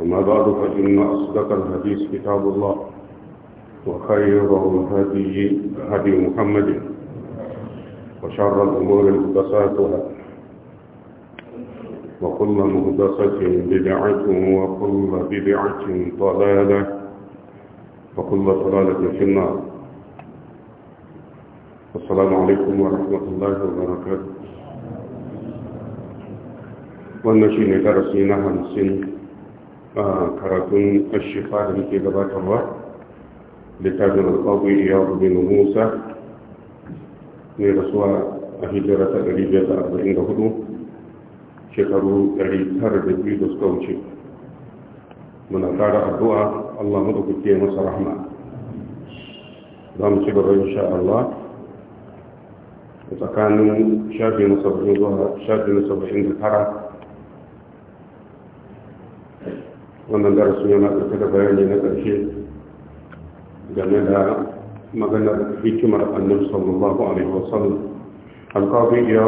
وما بعد فإن أصدق الحديث كتاب الله وخير الهدي هدي محمد وشر الأمور مهدساتها وكل مهدسة بدعة وكل بدعة ضلالة وكل ضلالة في النار السلام عليكم ورحمة الله وبركاته والنشين من همسين karatun ashifa da muke gabatarwa littafin alƙawai iyawu bin musa ne rasuwa a hijira ta 1944 shekaru 902 da suka wuce muna fara addu'a allah maɗaukake masa rahma za mu ci gaba insha Allah tsakanin shafi na saba'in zuwa shafi na saba'in da tara wannan darasin yana ɗauke da bayani na ƙarshe game da maganar hikimar annabi sallallahu alaihi wasallam alƙawai ya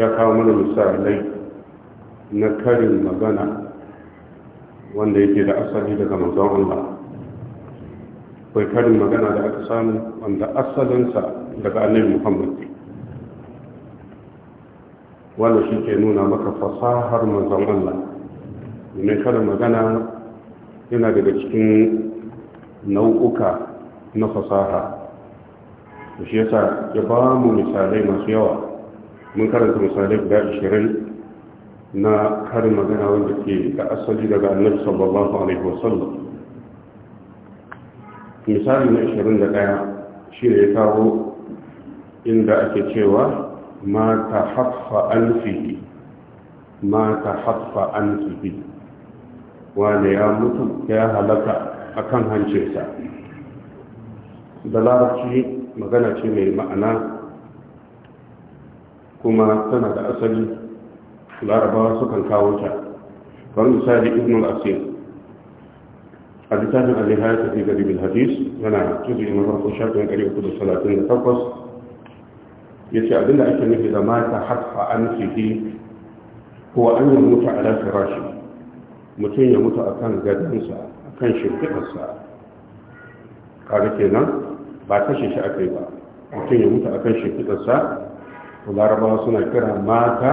ya kawo mana misalai na karin magana wanda yake da asali daga manzon Allah akwai karin magana da aka samu wanda asalinsa daga annabi muhammad wanda shi ke nuna maka fasahar manzon Allah domin karin magana yana daga cikin nau'uka na fasaha da shi yasa ya ba mu misalai masu yawa mun karanta misalai guda 20 na karin magana wanda ke da asali daga annabi sallallahu alaihi wasallam misali na 21 shi ne ya kawo inda ake cewa ma ta haffa an fi ma ta haffa an fi wane ya mutu ya halaka akan hancinsa da larabci magana ce mai ma'ana kuma tana da asali larabawa sukan kawo ta kamar misali ibn al-asir a littafin alihaya ta fi gari bil hadis yana tuzi na farko shafin ƙari uku da da takwas. ya ce abinda ake nufi da mata hatfa an fi. ko an yi mutu ala firashi mutum ya mutu akan gadonsa akan shimfiɗarsa kaga kenan ba kashe shi aka yi ba mutum ya mutu akan shimfiɗarsa to larabawa suna kira mata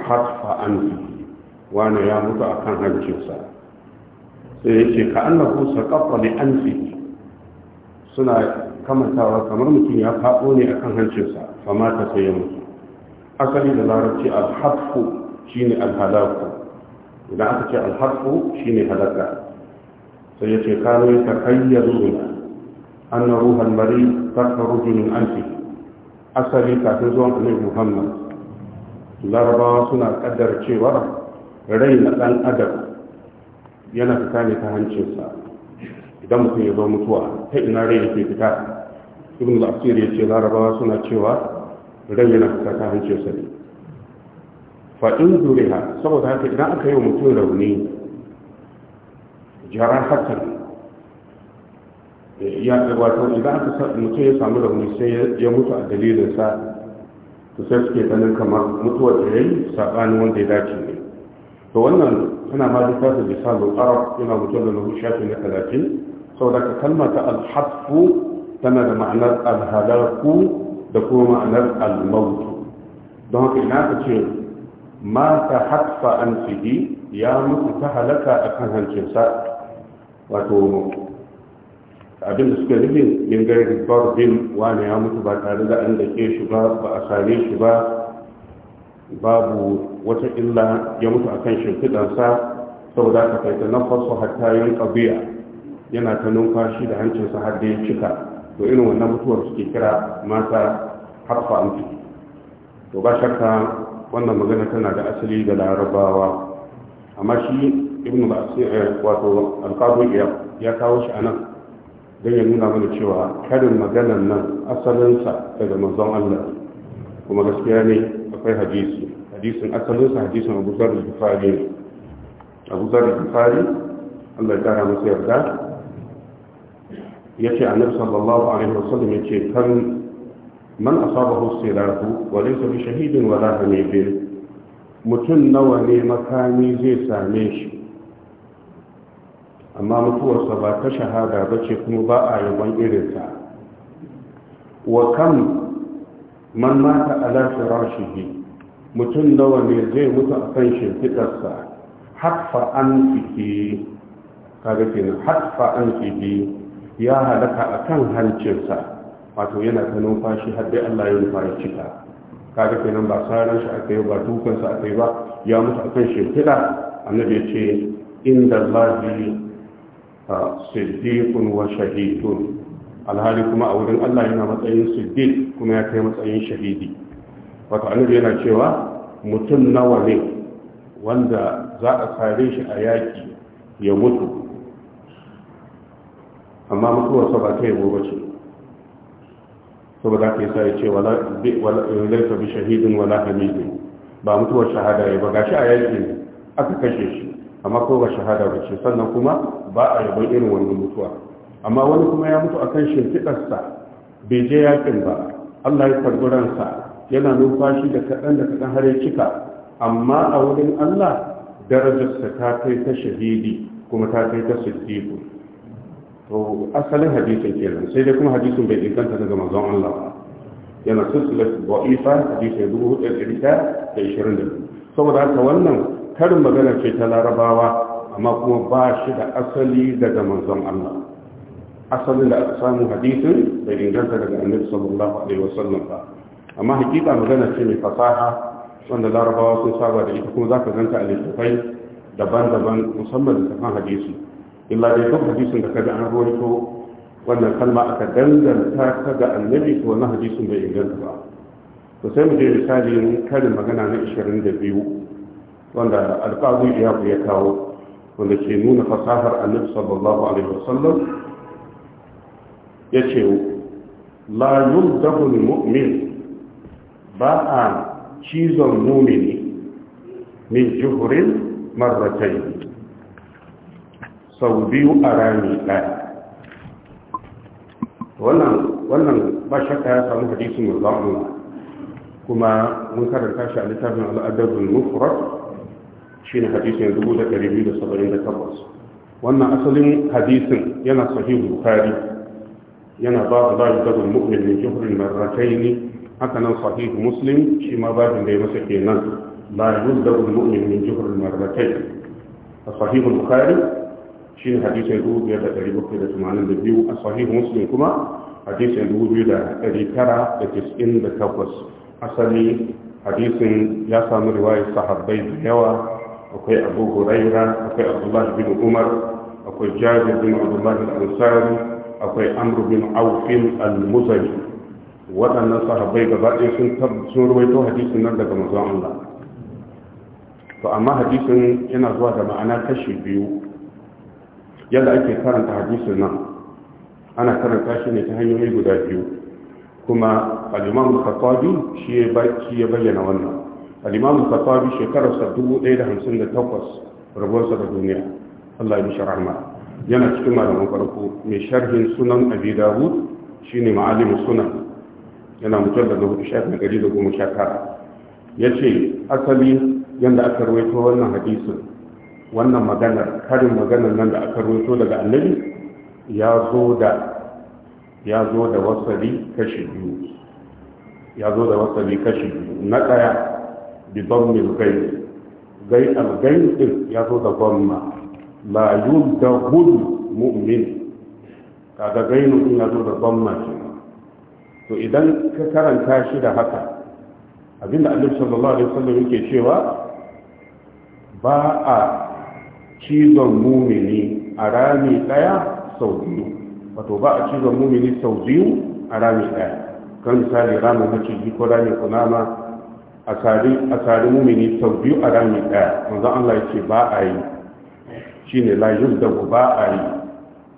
hatfa an wani ya mutu kan hancinsa sai yake ka annahu saqafa li anfi suna kamantawa kamar mutum ya faɗo ne akan hancinsa fa mata sai ya mutu asali da larabci al shine al idan aka ce shi shine halaka sai ya ce kano ya takayyaruna an na ruhan mari takaruju min anti. asali kafin zuwan annabi muhammad larabawa suna kaddar cewa rai na dan adam yana fita ne ta hancinsa idan mutum ya zo mutuwa ta ina rai yake fita ibn al-asir ya ce larabawa suna cewa rai yana fita ta hancinsa ne faɗin zuriha saboda haka idan aka yi wa mutum rauni jarahatan ya wato idan aka mutum ya samu rauni sai ya mutu a dalilinsa to sai suke ganin kamar mutuwar da ya yi saɓanin wanda ya dace ne to wannan tana ma duk da misalin arab yana mutum da lahu shafi na talatin saboda ka kalma ta alhafu tana da ma'anar alhalaku da kuma ma'anar almautu don haka ina ka ce Mata ta an fihi ya mutu ta halaka a kan hancinsa wato abin da suka nufi min barbin wani ya mutu ba tare da an da ke shi ba ba a sare shi ba babu wata illa ya mutu a kan shimfiɗansa saboda aka kai ta nafasu hatta yin ƙabiya yana ta numfashi da hancinsa har da ya cika to irin wannan mutuwar suke kira mata hatfa an to ba shakka wannan magana tana da asali da larabawa amma shi ibn ba'asir eh, wato alqabi ya kawo shi anan don ya nuna mana cewa karin maganan nan asalinsa daga manzon Allah kuma gaskiya ne akwai hadisi hadisin asalinsa hadisin Abu Zar al-Bukhari ne Abu Zar al-Bukhari Allah ya kara masa yarda yace annabi sallallahu alaihi wasallam yace kan man asabahu sirahu wa laysa bi shahidin wa la hamidin mutum nawa ne makami zai same shi amma mutuwarsa ba ta shahada ba ce kuma ba a yaban irinsa wa kam man mata ala firashihi mutum nawa ne zai mutu a kan shimfiɗarsa hatfa an fiye kaga kenan hatfa an ya halaka akan hancinsa wato yana ta numfashi har dai Allah ya nufa ya cika kaga kenan ba saran shi aka yi ba dukan sa aka yi ba ya mutu akan shimfiɗa annabi ya ce inda ta ah, siddiqun wa shahidun alhali kuma a wurin Allah yana matsayin siddiq kuma ya kai matsayin shahidi wato annabi yana cewa mutum nawa ne wanda za a kare shi a yaki ya mutu amma mutuwarsa ba ta yabo ba ce saboda ka yasa ya ce wala bi wala shahidin wala hamidin ba mutuwar shahada ya ba gashi a yaki ne aka kashe shi amma ko ba shahada ba ce sannan kuma ba a yaban irin wannan mutuwa amma wani kuma ya mutu akan shimfiɗarsa bai je yaƙin ba Allah ya karɓi ransa yana numfashi da kaɗan da kaɗan har ya cika amma a wurin Allah darajarsa ta kai ta shahidi kuma ta kai ta siddiqu to asalin hadisin kenan sai dai kuma hadisin bai inganta daga manzon Allah ba yana silsilar da'ifa hadisin dubu hudu da ɗari da ishirin da saboda haka wannan karin magana ce ta larabawa amma kuma ba shi da asali daga manzon Allah asalin da aka samu hadisin bai inganta daga annabi sallallahu alaihi wasallam ba amma hakika magana ce mai fasaha wanda larabawa sun saba da ita kuma za ka ganta a littattafai daban-daban musamman littattafan hadisi illa dai duk hadisin da kaga an rawaito wannan kalma aka danganta ta ga annabi to wannan hadisin bai inganta ba to sai mu je misalin karin magana na 22 wanda alƙazi ya ya kawo wanda ke nuna fasahar annabi sallallahu alaihi wasallam ya ce la yuldahu mu'min ba a cizon mumini min juhurin marratai sau biyu a rami ɗaya wannan ba shakka ya samu hadisin manzon Allah kuma mun karanta shi a littafin al'adabul mufrad shine hadisin 2278 wannan asalin hadisin yana sahih bukhari yana babu da yadul mu'min min juhrin marratayn haka nan sahih muslim shi ma babin da ya masa kenan la yudul mu'min min juhrin A sahih bukhari shi ne hadisin dubu biyar da ɗari bakwai da tamanin da biyu a sahih muslim kuma hadisin dubu biyu da ɗari tara da tis'in da takwas asali hadisin ya samu riwaya sahabbai da yawa akwai abu huraira akwai abdullahi bin umar akwai jabir bin abdullahi al-ansari akwai amr bin aufin al-muzari waɗannan sahabbai gaba ɗaya sun sun ruwaito hadisin nan daga manzon Allah to amma hadisin yana zuwa da ma'ana kashi biyu yadda ake karanta hadisin nan ana karanta shi ne ta hanyoyi guda biyu kuma al'imam al-khattabi shi ya bayyana wannan al'imam al-khattabi shekararsa 1058 rabuwarsa da duniya Allah ya bishara ma yana cikin malaman farko mai sharhin sunan abi dawud shine ma'alimu sunan yana mujallar daga hudu shafi gari da goma sha tara ya ce asali yadda aka rawaito wannan hadisin wannan maganar, karin maganar nan da aka roto daga annabi ya zo da ya wasali kashi biyu ya zo da wasali kashi biyu na ɗaya bi bammin gai gai algai din ya zo da gwamma la da hudu mu'min kaga gainu in ya zo da gwamma ce to idan ka karanta shi da haka abinda annabi sallallahu alaihi wasallam yake cewa ba a cizon mumini a rami daya sau biyu wato ba a cizon mumini sau biyu a rami daya kan misali ramin maciji ko rami kunama a tsari mumini sau biyu a rami daya wanzan allah ya ce ba a yi shi ne layu da ba a yi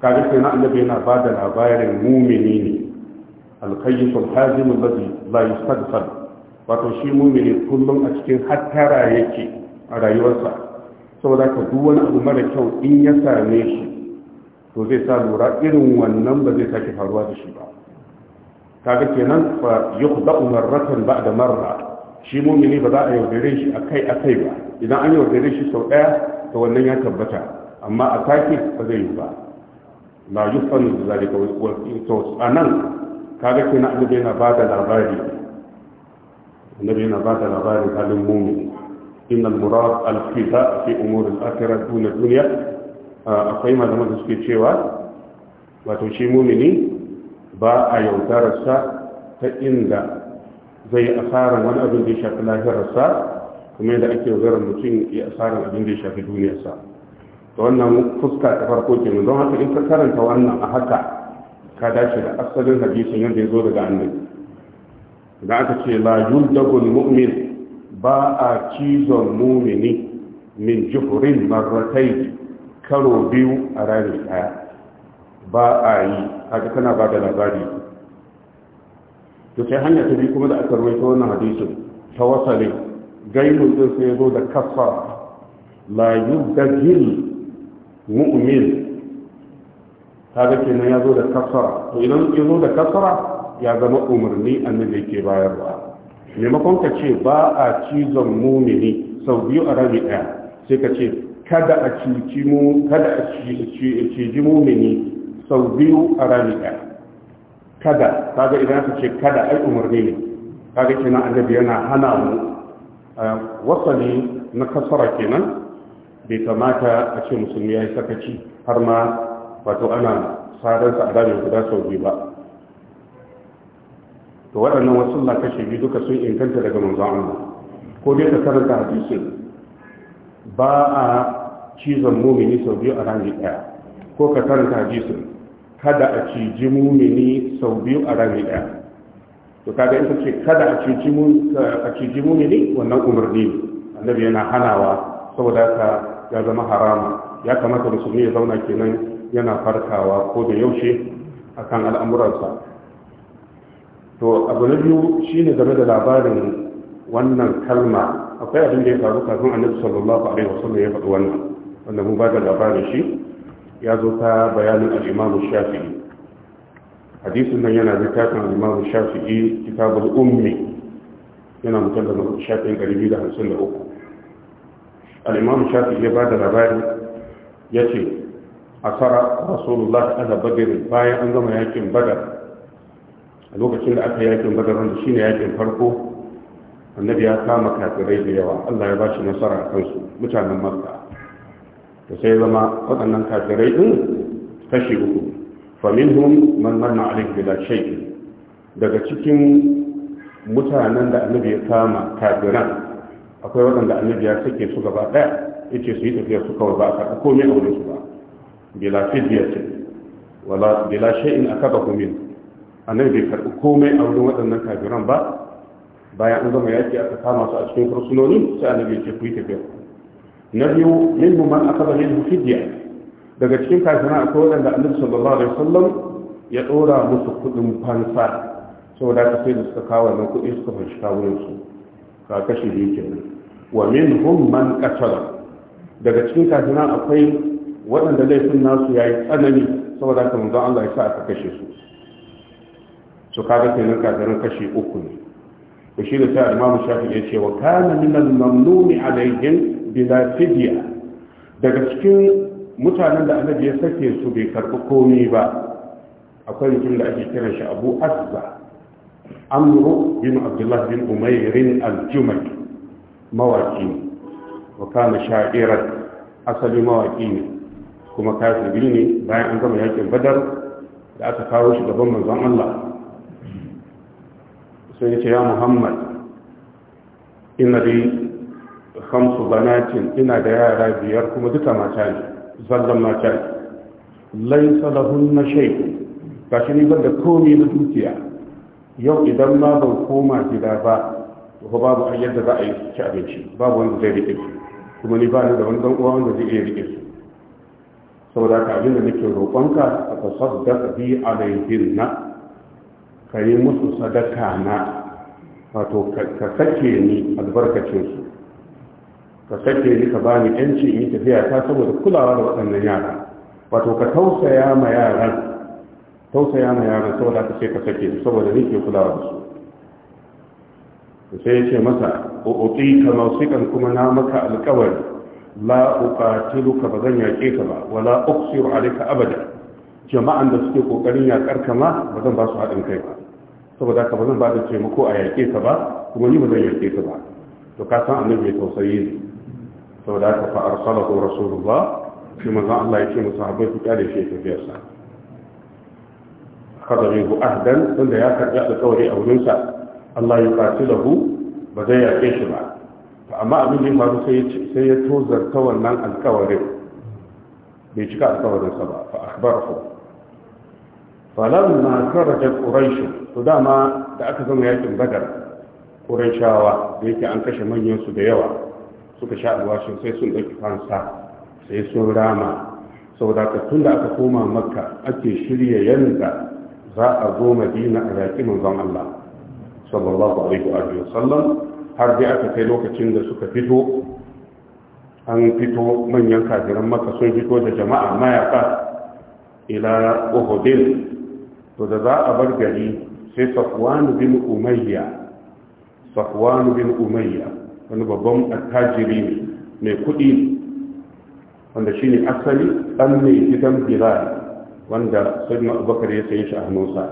kare sai na annabi yana ba da labarin mumini ne alkayyisul mu lazi layu sadisar wato shi mumini kullum a cikin hattara yake a rayuwarsa saboda ka duk wani abu mara kyau in ya same shi to zai sa lura irin wannan ba zai sake faruwa da shi ba kaga kenan fa yukhda'u marratan ba'da marra shi mumini ba za a yaudare shi akai akai ba idan an yaudare shi sau daya to wannan ya tabbata amma a take ba zai yi ba la yufanu zalika wa to anan kaga kenan annabi yana bada labari annabi yana bada labarin halin mumini إن المراد الفداء في أمور الآخرة دون الدنيا أخي ما ما تسكي تشيوا وتوشي مؤمني باء يوتارسا فإن زي أسارا من أبن دي شاك لاهرسا كما إذا أكي وغير المتين أسارا أبن دي شاك الدنيا سا وأنا فسكا تفرقو كي من دون إن تكرن وأنا أحكا كاداشي لأصل الحديث يندي زور عنه النبي تشي أكي لا يلدغ المؤمن ba a cizon mumini min juhurin marratai karo biyu a rami daya ba a yi haka tana ba da labari to sai hanya ta biyu kuma da aka ruwaito wannan hadisin ta wasalin gaimun din sai zo da kasa la yudagil mu'min kaga kenan ya zo da kasara to idan ya zo da kasara ya zama umarni annabi yake bayarwa maimakon ka ce ba a cizon mumini sau biyu a rami ɗaya sai ka ce kada a ciji mumini sau biyu a rami ɗaya kada kaga idan ka ce kada ai umarni ne kaga kenan annabi yana hana mu wasali na kasara kenan bai kamata a ce musulmi ya yi sakaci har ma wato ana sadarsa a rabi guda sau biyu ba to waɗannan wasu na kashe biyu duka sun inganta daga manzon Allah ko dai ka karanta hadisin ba a cizon mumini sau biyu a rami ɗaya ko ka karanta hadisin kada a ciji mumini sau biyu a rami ɗaya to kaga ita ce kada a ciji mummini mumini wannan umarni annabi yana hanawa saboda ka ya zama harama. ya kamata musulmi ya zauna kenan yana farkawa ko da yaushe akan al'amuransa to abu na biyu shine game da labarin wannan kalma akwai abin da ya faru kafin annabi sallallahu alaihi wasallam ya faɗi wannan wanda mun ba da labarin shi ya zo ta bayanin al-Imam Shafi'i hadisin nan yana littafin al-Imam Shafi'i kitabul ummi yana mutallama Shafi'i 253 al-Imam Shafi'i ya ba da labarin yace asara rasulullahi ala badr bayan an gama yakin badar a lokacin da aka yakin badar wanda shine yakin farko annabi ya kama kafirai da yawa Allah ya ba shi nasara a kansu mutanen makka da sai zama waɗannan kafirai din kashi uku famin hun manna alif bila shaiki daga cikin mutanen da annabi ya kama kafiran akwai waɗanda annabi ya sake su gaba ɗaya ya ce su yi tafiya su kawai ba a karɓi komai a wurinsu ba bila fidiyar ce wala bila a akaba kumin annabi bai karɓi komai a wurin waɗannan kafiran ba bayan an gama yaƙi aka kama su a cikin fursunoni sai annabi ya ce ku yi tafiya na biyu min man aka bane da fidiya daga cikin kafiran akwai waɗanda annabi sallallahu alaihi wasallam ya ɗora musu kuɗin fansa saboda haka sai da suka kawo wannan kuɗi suka fanshi kawunan su ka kashe biyu kenan wa min hum man qatala daga cikin kafiran akwai waɗanda laifin nasu yayi tsanani saboda haka zan Allah ya sa aka kashe su to kaga kenan kafirin kashi uku ne to shi da sai imamu shafi ya ce wa kana min al-mamnun alaihim bila fidya daga cikin mutanen da annabi ya sake su bai karbi komai ba akwai mutum da ake kiran shi Abu Asba Amru bin Abdullah bin Umayr al-Jumay mawaki wa kana sha'iran asali mawaki ne kuma kafiri ne bayan an gama yakin Badar da aka kawo shi gaban manzon Allah sai ya ce ya muhammad ina dai hamsu banatin ina da yara biyar kuma duka mata ne zallan mata ne Salahun na shay gashi ni ban da komai na dukiya yau idan ma ban koma gida ba ko babu yadda za a yi ci abinci babu wanda zai rike su kuma ni ba ni da wani dan uwa wanda zai iya rike su saboda ka abin da nake roƙonka a tasaddaq bi alayhinna ka yi musu sadaka na wato ka sake ni albarkacinsu? ka sake ni ka bani yanci in yi tafiya ta saboda kulawa da waɗannan yara wato ka tausaya ma yaran tausaya ma yaran saboda ka sai ka sake su saboda ni ke kulawa da su sai ya ce masa uƙi ka mausikan kuma na maka alƙawari la uqatilu ka ba zan yaƙe ka ba wala uqsiru alayka abada jama'an da suke kokarin yaƙar ka ma ba zan ba su haɗin kai ba saboda haka ba zan ba da taimako a yaƙe ka ba kuma ni ba zan yaƙe ka ba to ka san annabi ya tausayi ni. saboda haka fa arsalahu rasulullah shi manzon Allah ya ce musu sahabbai ku kyale shi tafiyar sa kada minhu ahdan wanda ya da alƙawari a wurin sa Allah ya da hu, ba zai yaƙe shi ba to amma abin da ya faru sai sai ya tozarta wannan alƙawarin bai cika alƙawarin sa ba fa akhbarahu falamma kharajat quraish to dama da aka zama yakin badar ƙuraishawa da yake an kashe manyansu da yawa suka sha alwashin sai sun ɗauki fansa sai sun rama saboda ka tun da aka koma makka ake shirya yanda za a zo madina a yaƙi manzon Allah sallallahu alaihi wa sallam har dai aka kai lokacin da suka fito an fito manyan kafiran maka sun fito da jama'a mayaka ila uhudin to da za a bar gari sai safwanu bin umayya safwanu bin umayya wani babban attajiri ne mai kuɗi wanda shine asali ɗan mai gidan bilal wanda sayyidina abubakar ya sayi shi a hannunsa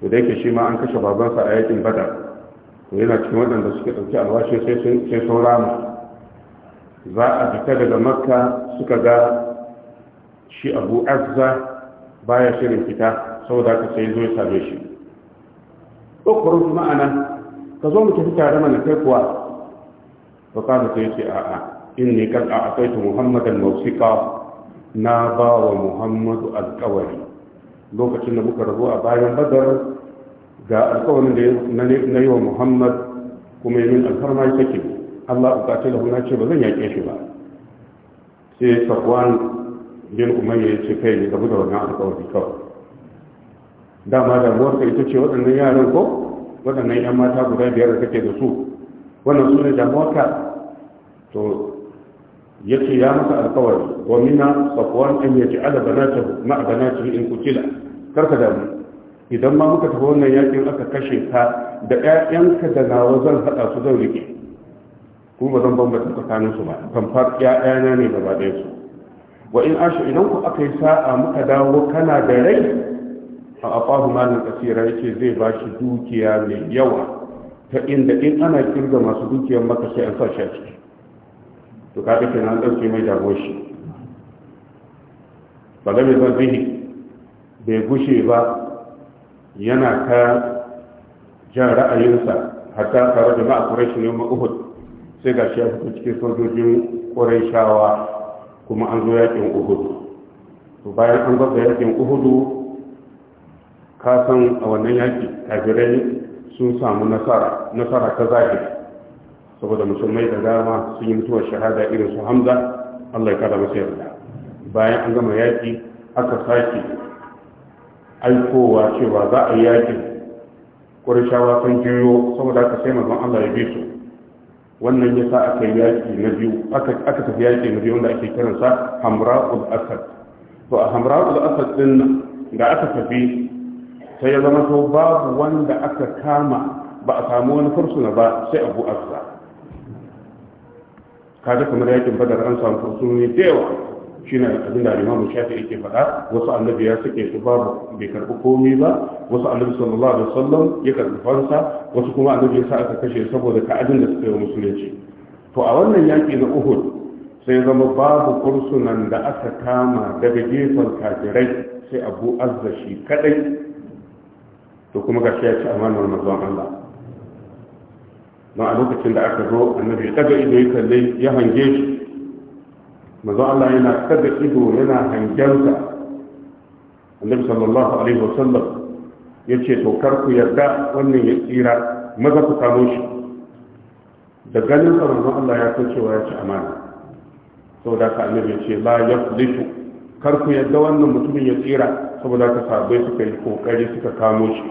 to da yake shi ma an kashe babansa a yakin badar to yana cikin waɗanda suke ɗauki alwashi sai sun rama za a fita daga makka suka ga shi abu azza baya shirin fita saboda ka sai zo ya same shi ukuruj ma'ana ka zo mu tafi tare mana kai kuwa ka kana sai ce a'a inni kad a'taitu muhammadan mawsiqa na ba wa muhammadu alkawari lokacin da muka rabu a bayan badar ga alkawarin da na yi wa muhammad kuma yi min alfarma ya allah bukatai da na ce ba zan yaƙe shi ba sai safwan bin umar ya ce kai ne rabu da wannan alkawari kawai dama damuwarka ita ce waɗannan yaran ko waɗannan 'yan mata guda biyar da kake da su wannan su ne damuwarka to ya ce ya masa alkawari domina mina ɗan ya ce ala banata na in kutila karka damu idan ma muka tafi wannan yakin aka kashe ka da 'ya'yanka da nawa zan haɗa su zan rike kuma ba zan bambata tsakanin su ba kamfar 'ya'yana ne gaba ɗaya su wa in ashe idan ku aka yi sa'a muka dawo kana da rai a afahu malin kasira yake zai ba shi dukiya mai yawa ta inda in ana kirga masu dukiyar maka sai an sa a ciki to ka kenan na dauke mai damuwar shi ba zai zan bai gushe ba yana ta jan ra'ayinsa hatta tare da ma'a shi ne ma'uhud sai ga shi ya fito cikin sojojin kurashawa kuma an zo yakin uhudu to bayan an gwabda yakin uhudu ka san a wannan yaki kafirai sun samu nasara nasara ta zahiri saboda musulmai da dama sun yi mutuwar shahada irin su hamza allah ya kada masa yarda bayan an gama yaki aka sake aikowa cewa za a yi yakin ƙwarishawa sun jiyo saboda aka sai mazan allah ya bi su wannan ya sa aka yi yaki na biyu aka tafi yaki na biyu wanda ake kiransa hamra ul asad to a hamra ul asad din da aka tafi sai ya zama to babu wanda aka kama ba a samu wani fursuna ba sai abu azza kaga kamar yakin badar an samu fursunoni da yawa Shi shine abin da Imam Shafi yake faɗa wasu annabi ya suke su babu bai karɓi komai ba wasu annabi sallallahu alaihi wasallam ya karɓi fansa wasu kuma annabi ya sa aka kashe saboda ta'adin da suka yi musulunci to a wannan yaki na Uhud sai zama babu fursunan da aka kama daga gefen kafirai sai Abu Azza shi kaɗai. to kuma gashi ya ci amanar manzon Allah don a lokacin da aka zo annabi ya daga ido ya kalle ya hange shi manzon Allah yana daga ido yana hangensa annabi sallallahu alaihi wasallam ya ce to kar ku yarda wannan ya tsira maza ku kamo shi da ganin sa manzon Allah ya san cewa ya ci amana saboda ka annabi ya ce la yaflitu kar ku yadda wannan mutumin ya tsira saboda ka sabai suka yi kokari suka kamo shi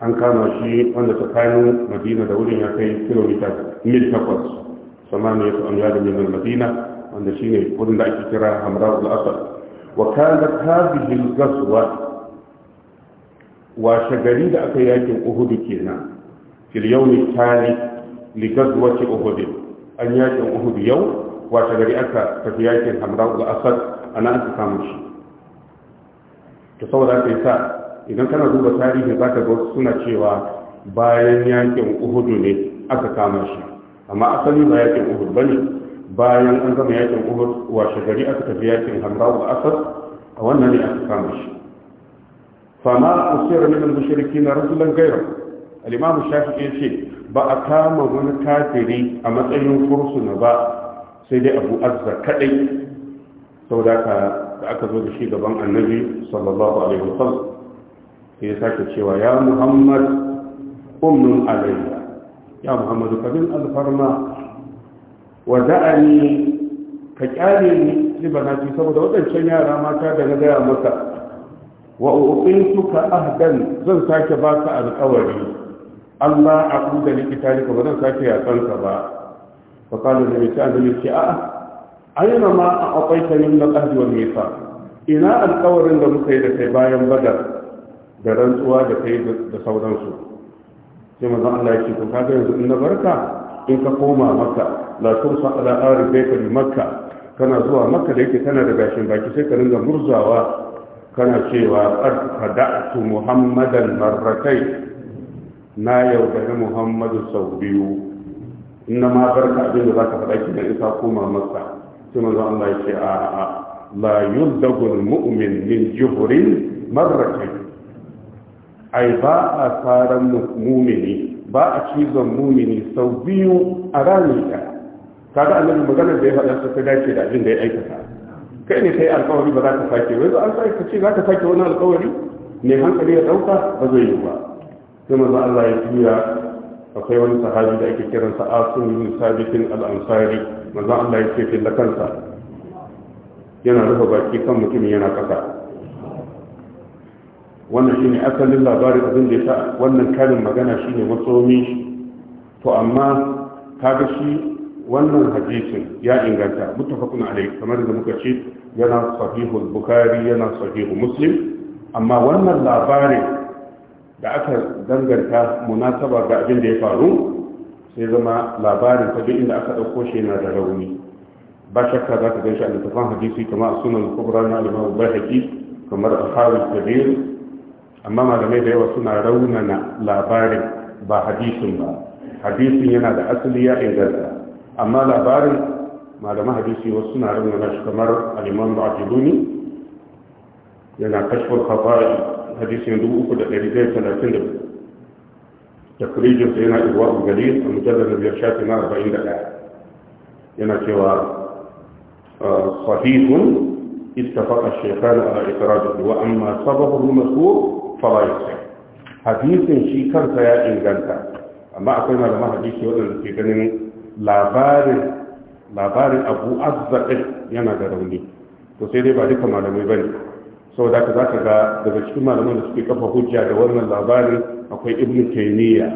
an kama shi wanda tsakanin madina da wurin ya kai kilomita mil takwas ne ya an yada mil madina wanda shi ne wurin da ake kira hamra al-asad wa ta tabihin gaswa Wa shagari da aka yakin uhudu kenan fil yawmi tali li gazwati uhud an yakin uhudu yau wace gari aka tafi yakin hamra'ul asad ana aka samu shi Ta saboda aka yi sa idan kana duba tarihi za ka ga suna cewa bayan yakin uhudu ne aka kama shi amma asali ba yakin Uhudu ba ne bayan an gama yakin uhud washe gari aka tafi yakin hamra'ul asad a wannan ne aka kama shi fama usira min nan mushriki na rajulan gairu al-imam shafi'i ce ba a kama wani kafiri a matsayin fursuna ba sai dai abu azza kadai saboda da aka zo da shi gaban annabi sallallahu alaihi wasallam sai ya sake cewa ya muhammad umnun alayya ya muhammad kabin alfarma wa da'ani ka kyale ni libanati saboda wadancan yara mata da na gaya maka wa ka ahdan zan sake baka alƙawari Allah a kuda likita ba zan sake yatsanka ba فقال النبي صلى الله عليه وسلم aina ma a akwai tayin na ƙahdi ina alkawarin da muka yi da kai bayan bada da rantsuwa da kai da sauransu sai mazan Allah ya ce to kaga yanzu in na barka in ka koma maka la tursa ala arbaika bi makka kana zuwa makka da yake tana da gashin baki sai ka ringa murzawa kana cewa qad kada'tu muhammadan marratai na yaudari muhammadu sau biyu inna ma barka abin da zaka faɗa ki dan isa koma masa sai manzo Allah ya ce a a la yuldagul mu'min min juhrin marratayn ai ba a tsaran mumini ba a cizon mumini sau biyu a rani ɗaya kaga annabi maganar da ya faɗa ta ta dace da abin da ya aikata kai ne kai alkawari ba za ka sake wai zo an sai ka ce za ka sake wani alkawari ne hankali ya ɗauka ba zai yi ba sai manzo Allah ya juya akwai wani sahabi da ake kiransa asim bin sabitin al manzo Allah ya ce da kansa yana rufe baki kan mutum yana kasa wannan shine asalin labarin abin da ya sa wannan karin magana shine matsomi to amma kaga shi wannan hadisin ya inganta muttafaqun alayhi kamar da muka ce yana sahihul bukhari yana sahihu muslim amma wannan labarin da aka danganta munasaba ga abin da ya faru sai zama labarin ta duk inda aka ɗauko shi yana da rauni ba shakka za ka ganshi a tafan hadisi kamar sunan kubra na alimawar bai kamar a harin kabir amma malamai da yawa suna raunana labarin ba hadisin ba hadisin yana da asali ya inganta amma labarin malaman hadisi wasu suna raunana shi kamar alimamu abduluni yana kashfar kafa'i hadisin 3132 da kurijin sa yana irwa galil a mujallar da biyar shafi na 41 yana cewa sahihun اتفق الشيخان على إقراره وأما صبه المذكور فلا يصح حديث شي كان يا إنجانتا أما أقول لما حديث يقول في كان لابار لابار أبو أزق ينا دروني to sai dai ba duka malamai ba ne saboda ka zaka ga daga cikin malaman da suke kafa hujja da wannan labarin akwai ibnu taymiya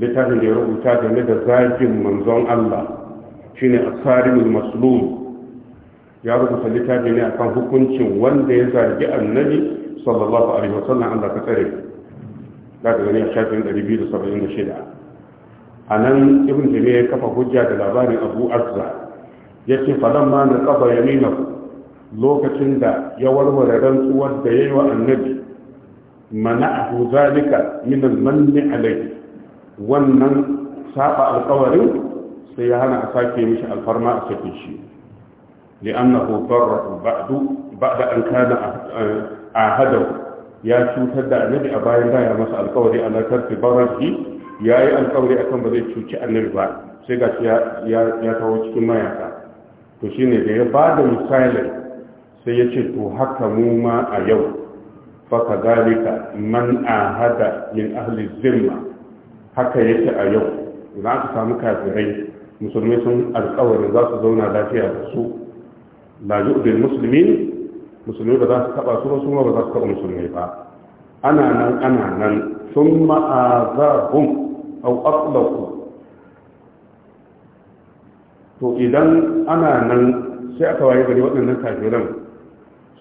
littafin da ya rubuta game da zagin manzon Allah shine asarimul maslum ya rubuta littafi ne akan hukuncin wanda ya zagi annabi sallallahu alaihi wasallam Allah ka tsare daga gani a shafin 276 a nan ibn taymiya kafa hujja da labarin abu azza falon ma na kafa Yamina. lokacin da ya warware rantsuwar da ya yi wa annabi mana'ahu zalika minan al-manni alayhi wannan saba alƙawarin sai ya hana a sake mishi alfarma a sake shi li'annahu darra ba'du ba'da an kana eh, Hadau. ya cutar da annabi a bayan da ya masa alƙawari ala tarfi ya yayi alƙawari akan ba zai cuci annabi ba sai ga ya ya cikin mayaka to shine da ya ba da misalin sai ya ce to haka mu ma a yau faka zalika man ahada min ahli zimma haka yake a yau za aka samu kafirai musulmai sun alkawarin za su zauna lafiya da su la yu'dil muslimin musulmai ba za su taba su ba su ba za su taba musulmai ba ana nan ana nan sun ma'azahum au aslaku to idan ana nan sai aka waye gari waɗannan kafiran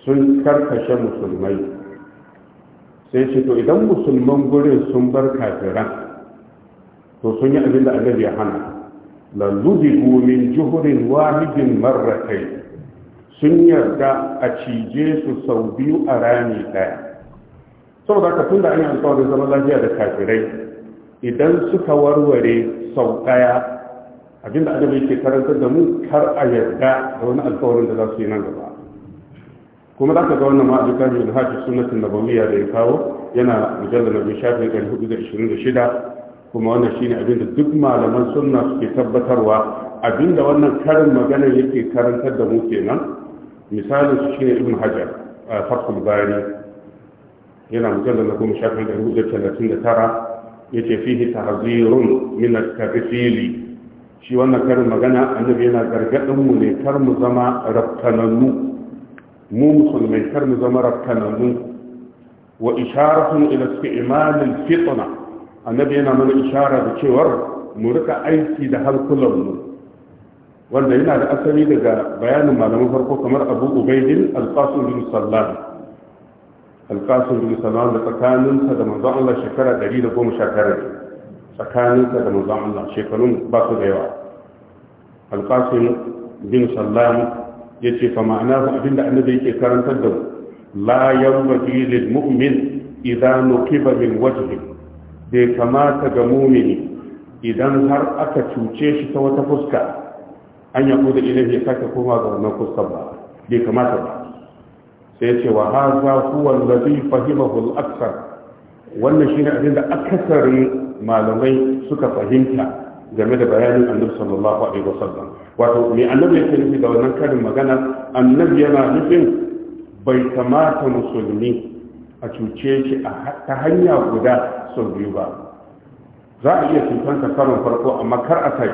sun karkashe musulmai sai ce to idan musulman gurin sun bar kafiran to sun yi abin da annabi ya hana lallubihu min juhurin wahidin marratai sun yarda a cije su sau biyu a rami ɗaya saboda ka tun da an yi alƙawarin zama lafiya da kafirai idan suka warware sau ɗaya abinda annabi yake karantar da mu kar a yarda da wani alƙawarin da za su yi nan gaba kuma za ka ga wannan ma'azuka ne da hajji sunnatin nabawiyya da ya kawo yana mujallar nabi shafin ɗari hudu da ishirin da shida kuma wannan shine abin da duk malaman sunna suke tabbatarwa abin da wannan karin magana yake karantar da mu kenan misalin su shine ibn hajar a fatul bari yana mujallar na goma shafin ɗari hudu da talatin da tara ya ce fihi tahzirun min al-kafifili shi wannan karin magana annabi yana gargaɗin mu ne kar mu zama raftanannu mu musulmai kar mu zama rafkanannu wa isharatun ila isti'malil fitna annabi yana mana ishara da cewar mu rika aiki da hankulanmu wanda yana da asali daga bayanin malaman farko kamar abu ubaidin alqasim bin sallam alqasim bin sallam da tsakaninsa da manzon Allah shekara 119 tsakaninsa da manzon Allah shekarun ba su da yawa alqasim bin sallam ce fa ma'ana abinda annabi yake karantar da la yanbaghi lil mu'min idza nuqiba min wajhi bai kamata ga mumini idan har aka cuce shi ta wata fuska an ya kuda idan ya sake koma ga wannan fuskar ba bai kamata ba sai ce wa haza huwa allazi fahimahu al-aksar wannan shine abin da akasarin malamai suka fahimta game da bayanin annabi sallallahu alaihi wasallam wato mai annabi yake nufi da wannan karin magana annabi yana nufin bai kamata musulmi a cuce shi ta hanya guda sau biyu ba za a iya cutar ka karon farko amma kar a kai.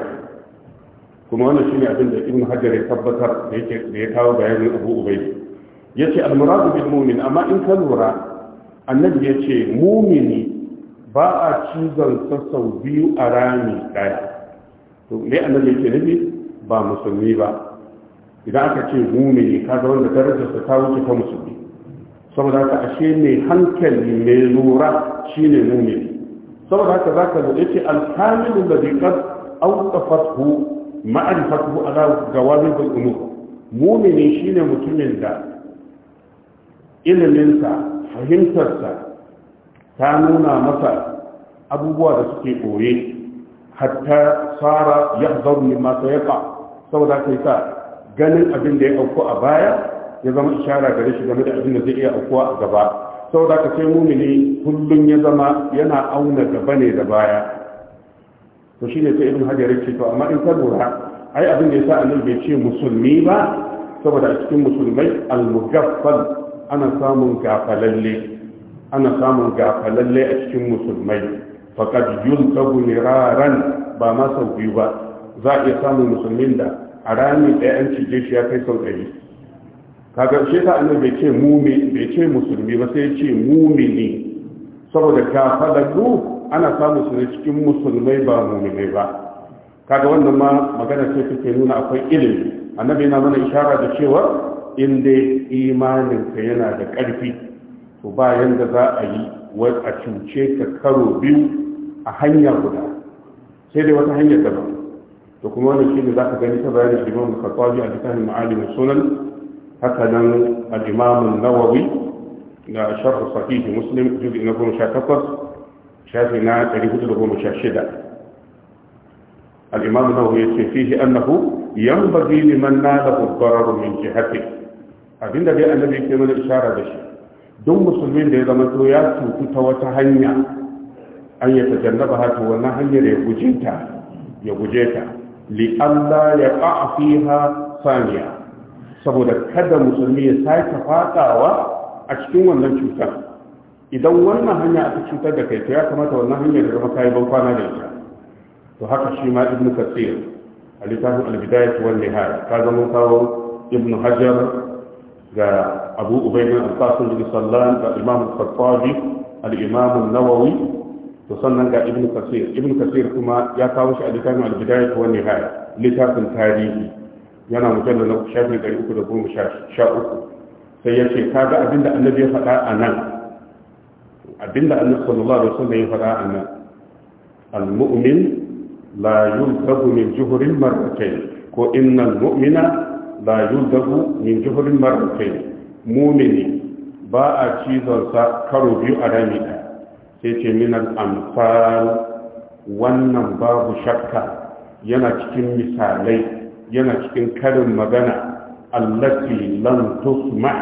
kuma wannan shine abin da Ibn hajar ya tabbatar da ya kawo bayanin abu ubayd yace al-muradu bil mu'min amma in ka lura annabi ya ce mu'mini ba a cizon sa sau biyu a rami daya to me annabi yake nufi ba musulmi ba idan aka ce mumini kaga wanda darajarsa ta wuce ta musulmi saboda haka ashe mai hankali mai lura shine mumini saboda haka za ka zuɗe ce alkamilu da zikar aukafatku ma'arifatku ala gawabin bul'umu mumini shine mutumin da iliminta fahimtarsa ta nuna masa abubuwa da suke ɓoye hatta tsara ya zaune masu saboda ka yi sa ganin abin da ya auku a baya ya zama ishara gare shi game da abin da zai iya aukuwa a gaba saboda ka sai mumini kullum ya zama yana auna gaba ne da baya to shi ne sai ibn hajar yake to amma in ka lura ai abin da ya sa annabi bai ce musulmi ba saboda a cikin musulmai al-mugaffal ana samun gafalalle ana samun gafalalle a cikin musulmai faqad yuntabu miraran ba ma sau biyu ba za a iya samun musulmin da a ranar ɗaya an cije shi ya kai sau ɗari kaga shi ta annabi bai ce mumi bai ce musulmi ba sai ya ce mumini saboda ka kafalallu ana samun su ne cikin musulmai ba mumini ba kaga wannan ma magana ce take nuna akwai ilimi annabi yana mana ishara da cewa in dai ka yana da ƙarfi to ba yanda za a yi a cuce ka karo biyu a hanya guda sai dai wata hanyar daban to kuma wannan shine zaka gani ta bayanin Imam Al-Khattabi a cikin Ma'alim Sunan haka nan al-Imam An-Nawawi da Sharh Sahih Muslim juz'i na 18 shafi na 416 al-Imam An-Nawawi yace fihi annahu yanbaghi liman nalahu ad-darar min jihati abinda dai annabi ke mana isharar da shi duk musulmin da ya zama to ya cutu ta wata hanya an ya tajannaba hata wannan hanyar ya guje ta ya guje ta li'alla ya fiha saniya saboda kada musulmi ya sake fatawa a cikin wannan cutar idan wannan hanya aka cutar da kai to ya kamata wannan hanyar da zama kayi ban kwana da ita to haka shi ma ibnu kasir a littafin albidayat wal nihaya ka zama kawo ibnu hajar ga abu ubaydin al-qasim bin sallan da imam al-khattabi al-imam an-nawawi to sannan ga ibn kasir ibn kasir kuma ya kawo shi a littafin al-bidayah wa nihaya littafin tarihi yana mujalla na shafin uku. sai ya ce ka ga abinda annabi ya faɗa a nan abinda annabi sallallahu alaihi wasallam ya faɗa a nan al-mu'min la yulzabu min juhurin marratayn ko innal mu'mina la yulzabu min juhurin marratayn mu'mini ba a cizon sa karo biyu a rami ɗaya sai ce minan amfal wannan babu shakka yana cikin misalai yana cikin karin magana allati lam tusma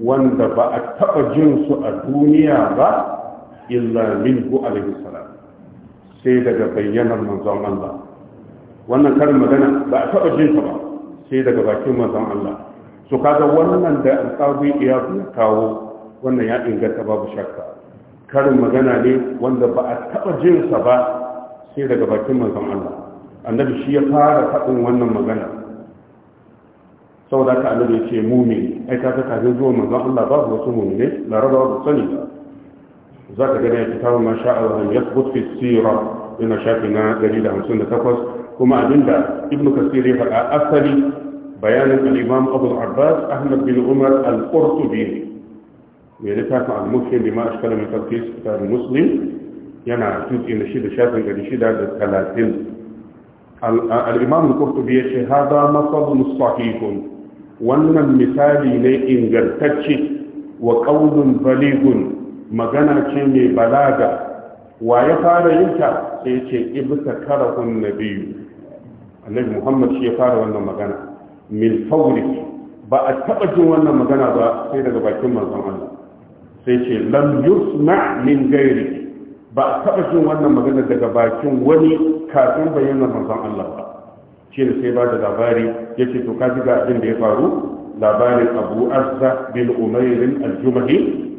wanda ba a taɓa jinsu a duniya ba illa minhu alaihi salam sai daga bayyanar manzon Allah wannan karin magana ba a taɓa jinsu ba sai daga bakin manzon Allah su kaga wannan da alƙawari ya kawo wannan ya inganta babu shakka karin magana ne wanda ba a taɓa jinsa ba sai daga bakin manzon Allah annabi shi ya fara faɗin wannan magana saboda ka annabi ya ce mumini ai ka kafin zuwa manzon Allah babu wasu mumini laraba ba sani ba za ka gani a kitabun ma sha Allah ya fi sira yana shafi na 158 kuma abinda ibnu kasir ya faɗa asali bayanin al-imam abu abbas ahmad bin umar al-qurtubi mai littafin al-muslim bi ma ashkala min tafsir kitab muslim yana tuki na shida shafin gari shida da talatin al-imam al-qurtubi ya ce hada masalun sahihun wannan misali ne ingantacce wa qaulun baligun magana ce mai balaga wa ya fara yin ta sai ce ibta karahun nabiyyu annabi muhammad shi ya fara wannan magana min fawri ba a taba jin wannan magana ba sai daga bakin manzon Allah sai ce lam yusma min gairi ba a taɓa jin wannan magana daga bakin wani kafin bayyana manzon Allah ba shi ne sai ba da labari ya ce to ka ji ga abin da ya faru labarin abu azza bin umairin aljumahi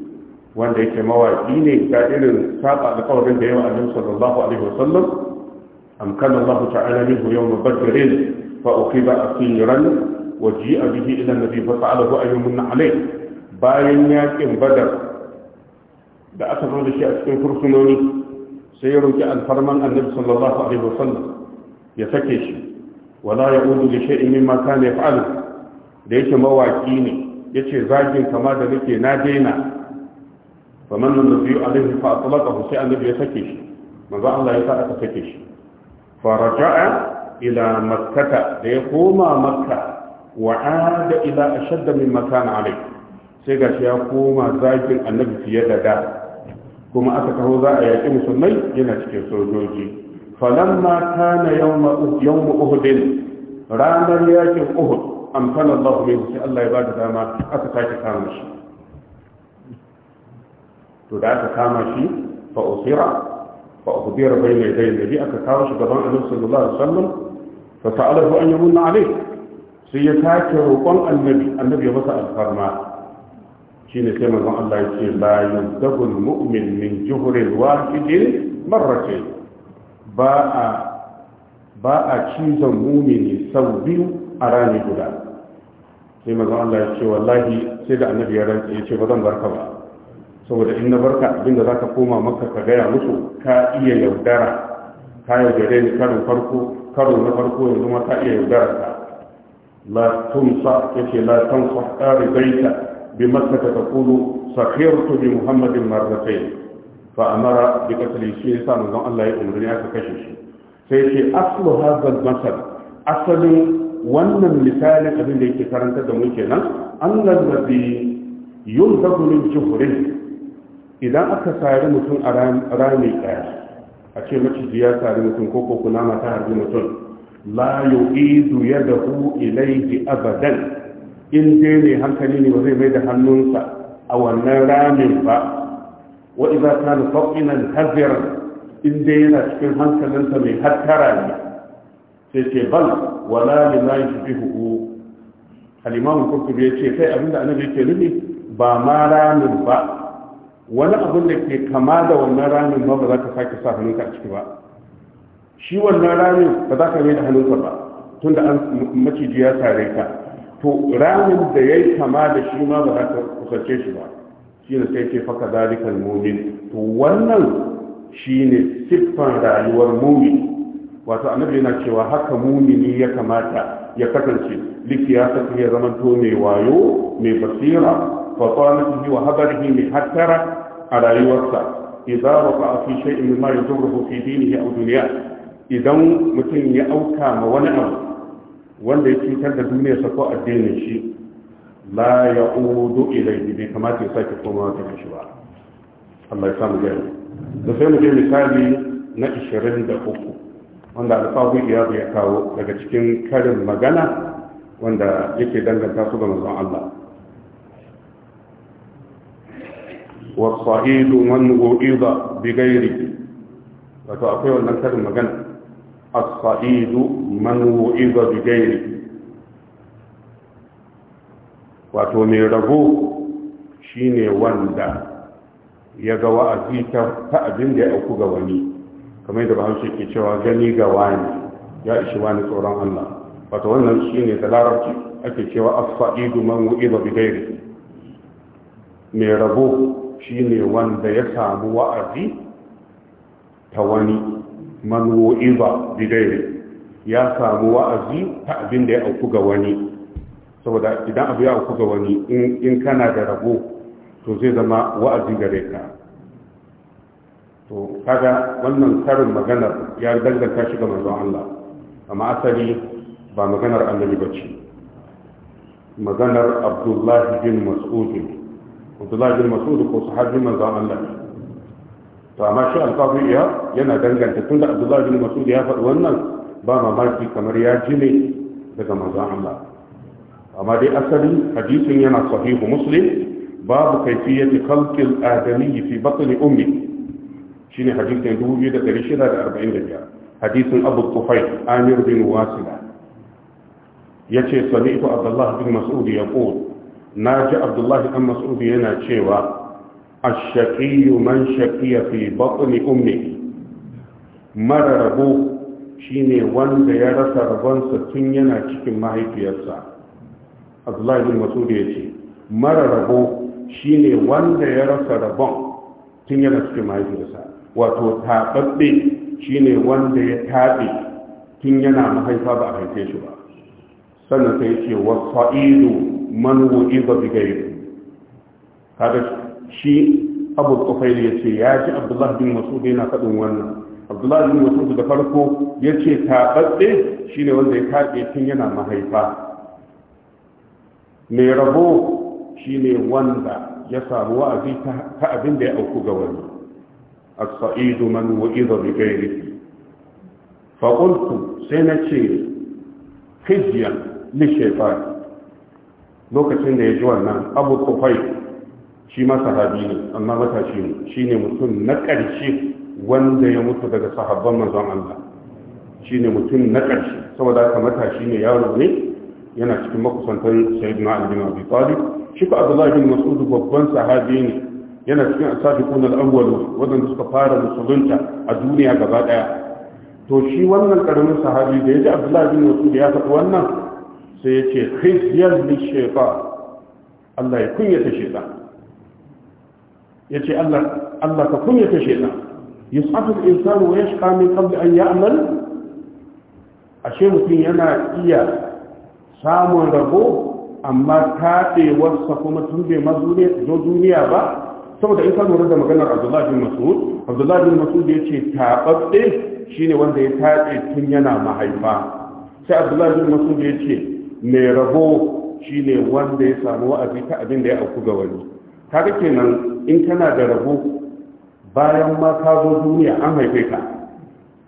wanda yake mawaƙi ne ga irin saba alƙawarin da yawa annabi sallallahu alaihi wasallam amkana Allah ta'ala minhu yawm badr fa uqiba ran waje a bihi ila nabi a yi munna alai bayan yaƙin badar da aka zo da shi a cikin kursunoni sai ya roƙi alfarman annabi sallallahu alaihi wasallam ya sake shi wala ya udu da shay'in mimma kana yaf'alu da yake mawaki ne yace zagin kama da nake na daina fa man nabi alaihi fa atlaqahu sai annabi ya sake shi manzo Allah ya sa aka sake shi fa raja'a ila makkata da ya koma makka wa ada ila ashadda mimma kana alaihi sai gashi ya koma zagin annabi fiye da da kuma aka taho za a yaƙi musulmai yana cikin sojoji falamma kana yawma uhudin ranar yakin uhud amfana Allah mai sai Allah ya bada dama aka sake kama shi to da aka kama shi fa usira fa uhdira bayna yaday nabi aka kawo shi gaban Annabi sallallahu alaihi wasallam fa sa'alahu an yamunna alayhi sai ya take roƙon annabi annabi ya masa alfarma shine sai manzon Allah yake la yuzdabul mu'min min juhril wahidin marratayn ba a ba a cizon mumini sau biyu a rani guda sai manzon Allah ya ce wallahi sai da annabi ya rantsa ce ba zan barka ba saboda in na barka abinda za ka koma maka ka gaya musu ka iya yaudara ka yaudare ni karin na farko yanzu ma ka iya yaudara ka la tumsa yace la tansa qari baita بمكة تقول سخرت بمحمد مرتين فأمر بقتل شيء سامزون الله يأمرني أككشش سيشي أصل هذا المثل أصل wannan misalin abin da yake karanta da mu kenan annal ladhi yunzabu min juhrin idan aka sari mutum a rami daya a ce maciji ya sari mutum ko ko kunama ta harbi mutum la yu'idu yadahu ilayhi abadan in dai ne hankali ne ba zai mai da hannunsa a wannan ramin ba wa idza kana faqinan haziran in dai yana cikin hankalinsa mai hattara ne sai ce bal wala lima yushbihu al-imam qurtubi ya ce kai abinda annabi yake nufi ba ma ramin ba wani abin da ke kama da wannan ramin ba ba za ka sake sa hannunka a ciki ba shi wannan ramin ba za ka mai da hannunka ba tun da an maciji ya tare ka to ramin da yayi kama da shi ma ba za ka kusace shi ba shine sai ce faka zalikal mu'min to wannan shine siffan rayuwar mu'min wato annabi yana cewa haka mumini ya kamata ya kasance likiyasa ya zamanto mai wayo mai basira fa yi wa hadarihi min hattara a rayuwarsa idza waqa fi shay'in mimma yadurruhu fi dinihi a duniya? idan mutum ya auka ma wani abu wanda ya cutar da duniya ko addinin shi la ya udu ilaihi bai kamata ya sake komawa gare shi ba Allah ya samu gani da sai mu je misali na 23 wanda alfahu ya ya kawo daga cikin karin magana wanda yake danganta su ga manzon Allah wa sa'idu man u'ida bi gairi wato akwai wannan karin magana as-sa'idu man wu'iza bi ghairi wato mai rabo shine wanda ya ga wa'azi ta abin da ya auku ga wani kamar yadda shi ke cewa gani ga wani ya ishi wani tsoron Allah wato wannan shine da larabci ake cewa as-sa'idu man wu'iza bi ghairi mai rabo shine wanda ya samu wa'azi ta wani man wu'iza bi ya samu wa'azi ta abin da ya auku ga wani saboda idan abu ya auku ga wani in kana da rabo to zai zama wa'azi gare ka to kaga wannan karin maganar ya danganta shi ga manzon Allah amma asali ba maganar annabi bace maganar Abdullahi bin Mas'ud Abdullahi bin Mas'ud ko sahabi manzon Allah to amma shi alƙafi ya yana danganta tun da abdullahi bin masud ya faɗi wannan ba mamaki kamar ya ji ne daga manzon Allah amma dai asali hadisin yana sahihu muslim babu kaifiyati khalqil adami fi batni ummi shine hadisin 2645 hadisin abu tufayl amir bin wasila yace sami'tu abdullah bin mas'ud Na ji Abdullahi ɗan mas'ud yana cewa الشقي من شقي في بطن أمه mara rabo shine wanda ya rasa rabonsa tun yana cikin mahaifiyarsa abdullahi bin masud ya ce mara rabo shine wanda ya rasa rabon tun yana cikin mahaifiyarsa wato taɓaɓɓe shine wanda ya taɓe tun yana mahaifa ba a haife shi ba sannan sai ce wasu ido man wu'iza bigairu kaga shi abu kufaili ya ce ya ji abdullah bin masu yana faɗin wannan abdullah bin masu da farko ya ce taɓaɓɓe ne wanda ya kaɗe tun yana mahaifa mai rabo shi ne wanda ya samu wa'azi ta abin da ya auku ga wani asa'idu saidu man wa'iza bi ghairihi fa qultu sai na ce khizyan lishefa lokacin da ya ji wannan abu kufai shi ma sahabi ne amma matashi ne shi ne mutum na ƙarshe wanda ya mutu daga sahabban mazan Allah shi ne mutum na ƙarshe saboda haka matashi ne yaro ne yana cikin makusantar sayyidina Ali bin Abi Talib shi ko Abdullah bin Mas'ud babban sahabi ne yana cikin asabiqun al-awwal wadanda suka fara musulunta a duniya gaba ɗaya. to shi wannan ƙaramin sahabi da ya yaji Abdullah bin Mas'ud ya faɗi wannan sai ya ce khizyal lishaytan Allah ya kunyata shaytan ya ce Allah ka kun ya kunyata shaitan yus'atul insanu wa yashqa min qabl an ya'mal ashe mutum yana iya samun rabo amma kaɗewarsa kuma tun bai mazo duniya ba saboda in kano lura da maganar abdullahi bin mas'ud abdullahi bin mas'ud ya ce taɓaɓɓe shine wanda ya taɓe tun yana mahaifa sai abdullahi bin mas'ud ya ce mai rabo shine wanda ya samu wa'azi ta abin da ya auku ga wani kaga kenan in kana da rabo bayan ma ka zo duniya an haife ka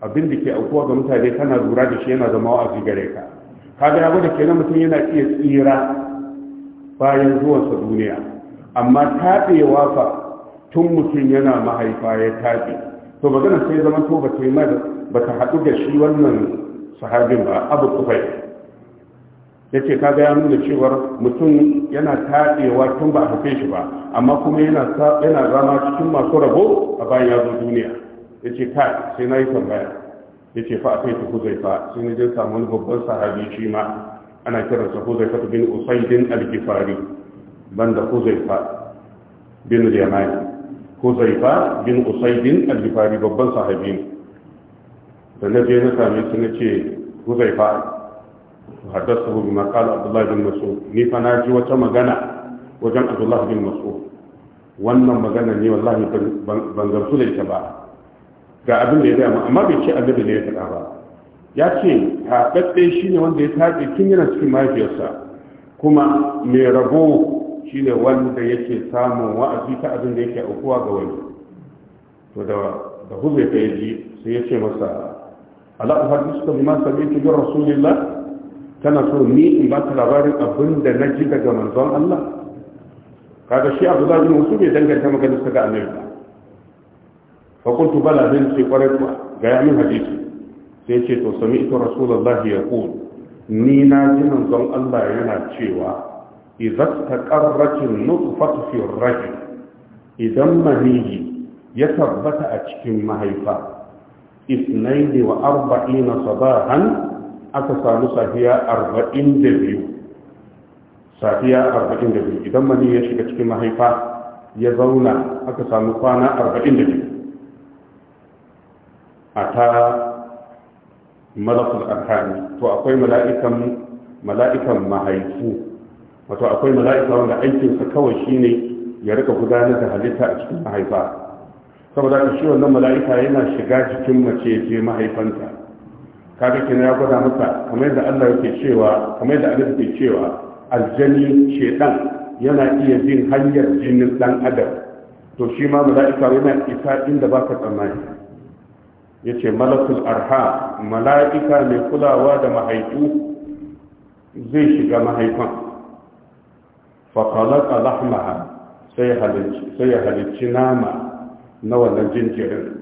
abin da ke aukuwa ga mutane kana lura da shi yana zama a gare ka kaga ya gwada kenan mutum yana iya tsira bayan zuwansa duniya amma taɓewa fa tun mutum yana mahaifa ya taɓe to magana sai zama to ba ta haɗu da shi wannan sahabin ba abu kufai ya ce kaga ya nuna cewar mutum yana taɗewa tun ba a haife shi ba amma kuma yana zama cikin masu rabo a bayan ya zo duniya ya ce ka sai na yi tambaya ya ce fa a kai zai fa sai na jin samu wani babban sahabi shi ma ana kiransa fa bin usaidin al-gifari banda fa bin zai fa bin usaidin al-gifari babban sahabi ne da na je na same su na ce fa. وحدثته بما قال عبد الله بن مسعود ني فناجي وتا مغانا وجن عبد الله بن مسعود wannan magana ne wallahi ban gamsu da ita ba ga abin da ya gaya amma bai ce abin da ya faɗa ba ya ce haɗaɗɗe shi ne wanda ya taɗe tun yana cikin mahaifiyarsa kuma mai rabo shi ne wanda yake samun wa'azi ta abin da yake aukuwa ga wani to da da huzai ta ji sai ya ce masa ala uhadisu ka bima sami'tu bi rasulillah kana so ni in ba ta labarin abin da na ji daga manzon Allah kaga shi abu zabi wasu bai danganta maganar sa ga annabi ba fa kuntu bala bin sai kwarai kuwa ga yamin hadisi sai ce to sami ito ya ku ni na ji manzon Allah yana cewa idan ta karrakin nutfatu fi idan maniyi ya tabbata a cikin mahaifa isnaini wa arba'ina sabahan aka samu safiya arba'in da biyu safiya arba'in da biyu idan mani ya shiga cikin mahaifa ya zauna aka samu kwana arba'in da biyu a ta malakul arhani to akwai mala'ikan mala'ikan mahaifu wato akwai mala'ika wanda aikinsa kawai shine ya rika gudanar da halitta a cikin mahaifa saboda shi wannan mala'ika yana shiga cikin mace je mahaifanta kaga kenan ya gwada masa kamar yadda Allah yake cewa kamar yadda Allah yake cewa aljani shedan yana iya bin hanyar jinin dan adam to shi ma mala'ika yana isa inda baka tsammani yace malakul arha mala'ika mai kulawa da mahaifu zai shiga mahaifan fa khalaqa lahmaha sai halicci sai halicci nama na wannan jinjirin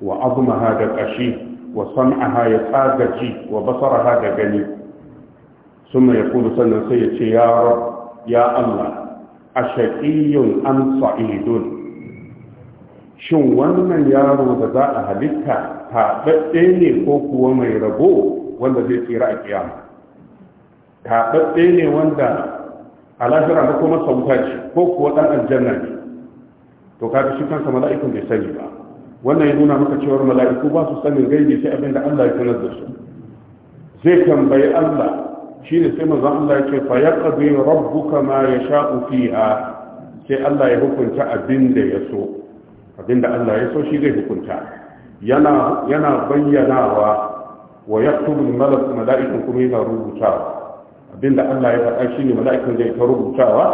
wa azmaha da kashi wa sam'aha ya tsaga ji wa basaraha da gani Suna ya yaqulu sannan sai ya ce ya rab ya Allah ashaqiyyun am sa'idun shin wannan yaro da za a halitta taɓaɓɓe ne ko kuwa mai rabo wanda zai tsira a kiyama taɓaɓɓe ne wanda a lafira na kuma sauta ce ko kuwa ɗan aljanna ne to kaga shi kansa mala'ikan bai sani ba wannan ya nuna maka cewar mala'iku ba su sanin gaibi sai abin da Allah ya sanar da su zai tambayi Allah shine sai manzon Allah yake fa yaqdi rabbuka ma yasha'u fiha sai Allah ya hukunta abin da ya so abin da Allah ya so shi zai hukunta yana yana bayyanawa wa yaktubu al-malak mala'ikun kuma yana rubutawa abin da Allah ya faɗa shine mala'ikun zai ta rubutawa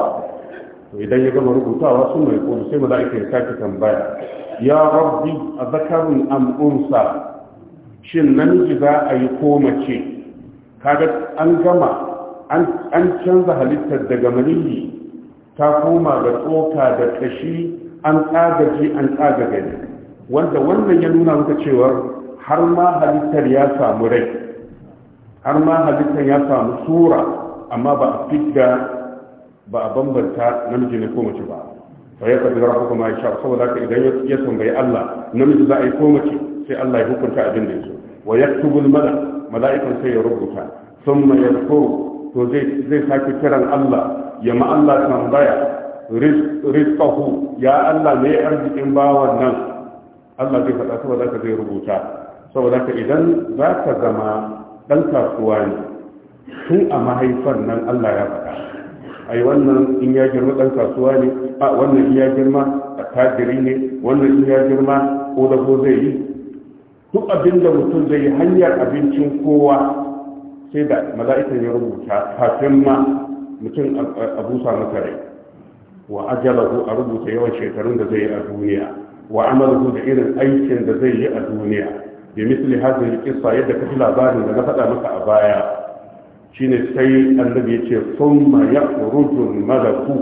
to idan ya gama rubutawa sun mai kuma sai mala'ikun ya sake tambaya ya rabbi a zakarun al'unsa shin namiji za a yi komace mace kaga an gama an canza halittar daga maniyi ta koma ga tsoka da kashi an tsagaji an tsaga gani wanda wannan ya nuna maka cewar har ma halittar ya samu rai har ma halittar ya samu sura amma ba a fidda ba a bambanta namiji ne ko mace ba wa ya kaddara rabbuka ma yasha saboda haka idan ya tambayi Allah namiji za a yi ko mace sai Allah ya hukunta abin da yake wa yaktubu al-malak mala'ikan sai ya rubuta thumma yadhkuru to zai zai kiran Allah ya ma Allah tambaya rizqahu ya Allah me arzikin bawan nan Allah zai faɗa saboda haka zai rubuta saboda haka idan za ka zama dan kasuwa ne tun a mahaifar nan Allah ya faɗa ai wannan in ya girma dan kasuwa ne a wannan in ya girma a tajiri ne wannan in ya girma ko da ko zai yi duk abin da mutum zai yi hanyar abincin kowa sai da mala'ikan ya rubuta kafin ma mutum a busa masa rai wa ajalahu a rubuta yawan shekarun da zai yi a duniya wa amalahu da irin aikin da zai yi a duniya bi misli hadhihi qissa yadda kafi labarin da na faɗa maka a baya Shi ne sai annabi ya ce sun ma ya rujun malaku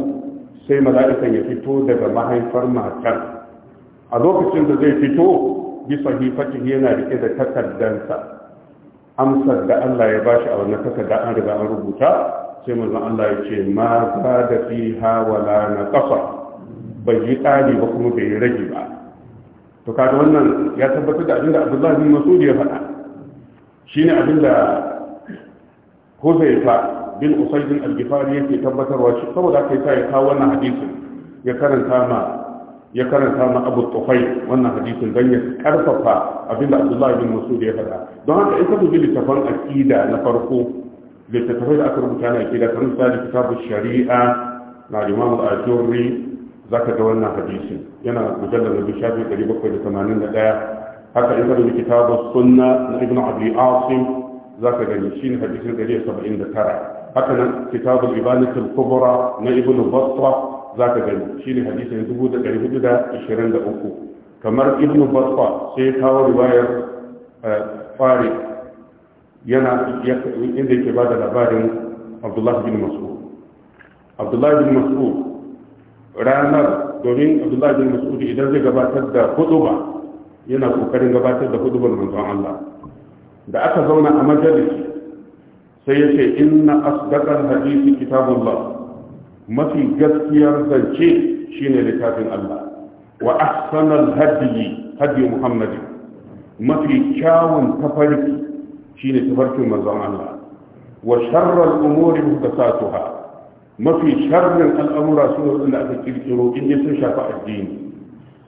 sai mala'ikan ya fito daga mahaifar matar a lokacin da zai fito bisa hifatihi yana rike da takardansa amsar da Allah ya bashi a wannan takarda an riga an rubuta sai manzon Allah ya ce ma za da fiha na ƙasa. bai yi tsari ba kuma bai rage ba to kaga wannan ya tabbatar da abin da Abdullahi Mas'ud ya faɗa abin da. huzaifa bin usaidin al yake tabbatarwa shi saboda aka yi ya kawo wannan hadisin ya karanta ma ya karanta ma abu tufai wannan hadisin don ya karfafa abinda abdullahi bin masud ya faɗa don haka in ka dubi littafan aqida na farko littattafai da aka rubuta na aqida kamar misali kitabu shari'a na imamu al-ajurri zaka ga wannan hadisin yana mujallar da shafi 781 haka in ka dubi kitabu sunna na ibnu abi asim za ka gani shi shine hadisin 179 haka nan kitabul ibanatul kubra na ibnu battah za ka gani shi shine hadisin uku kamar ibnu battah sai ya kawo riwayar eh, fari yana inda yake ba da labarin abdullah bin mas'ud abdullah bin mas'ud ranar domin abdullah bin mas'ud idan zai gabatar da huduba yana kokarin gabatar da hudubar manzon Allah da aka zauna a Majalis sai ya ce inna asdaqal hadisi kitabullah mafi gaskiyar zance shine littafin Allah wa ahsanal hadiyi hadiyu muhammadi mafi kyawun tafarki shine tafarkin manzon Allah wa sharral umuri muhdathatuha mafi sharrin al'amura su wanda aka kirkiro in ya sun shafi addini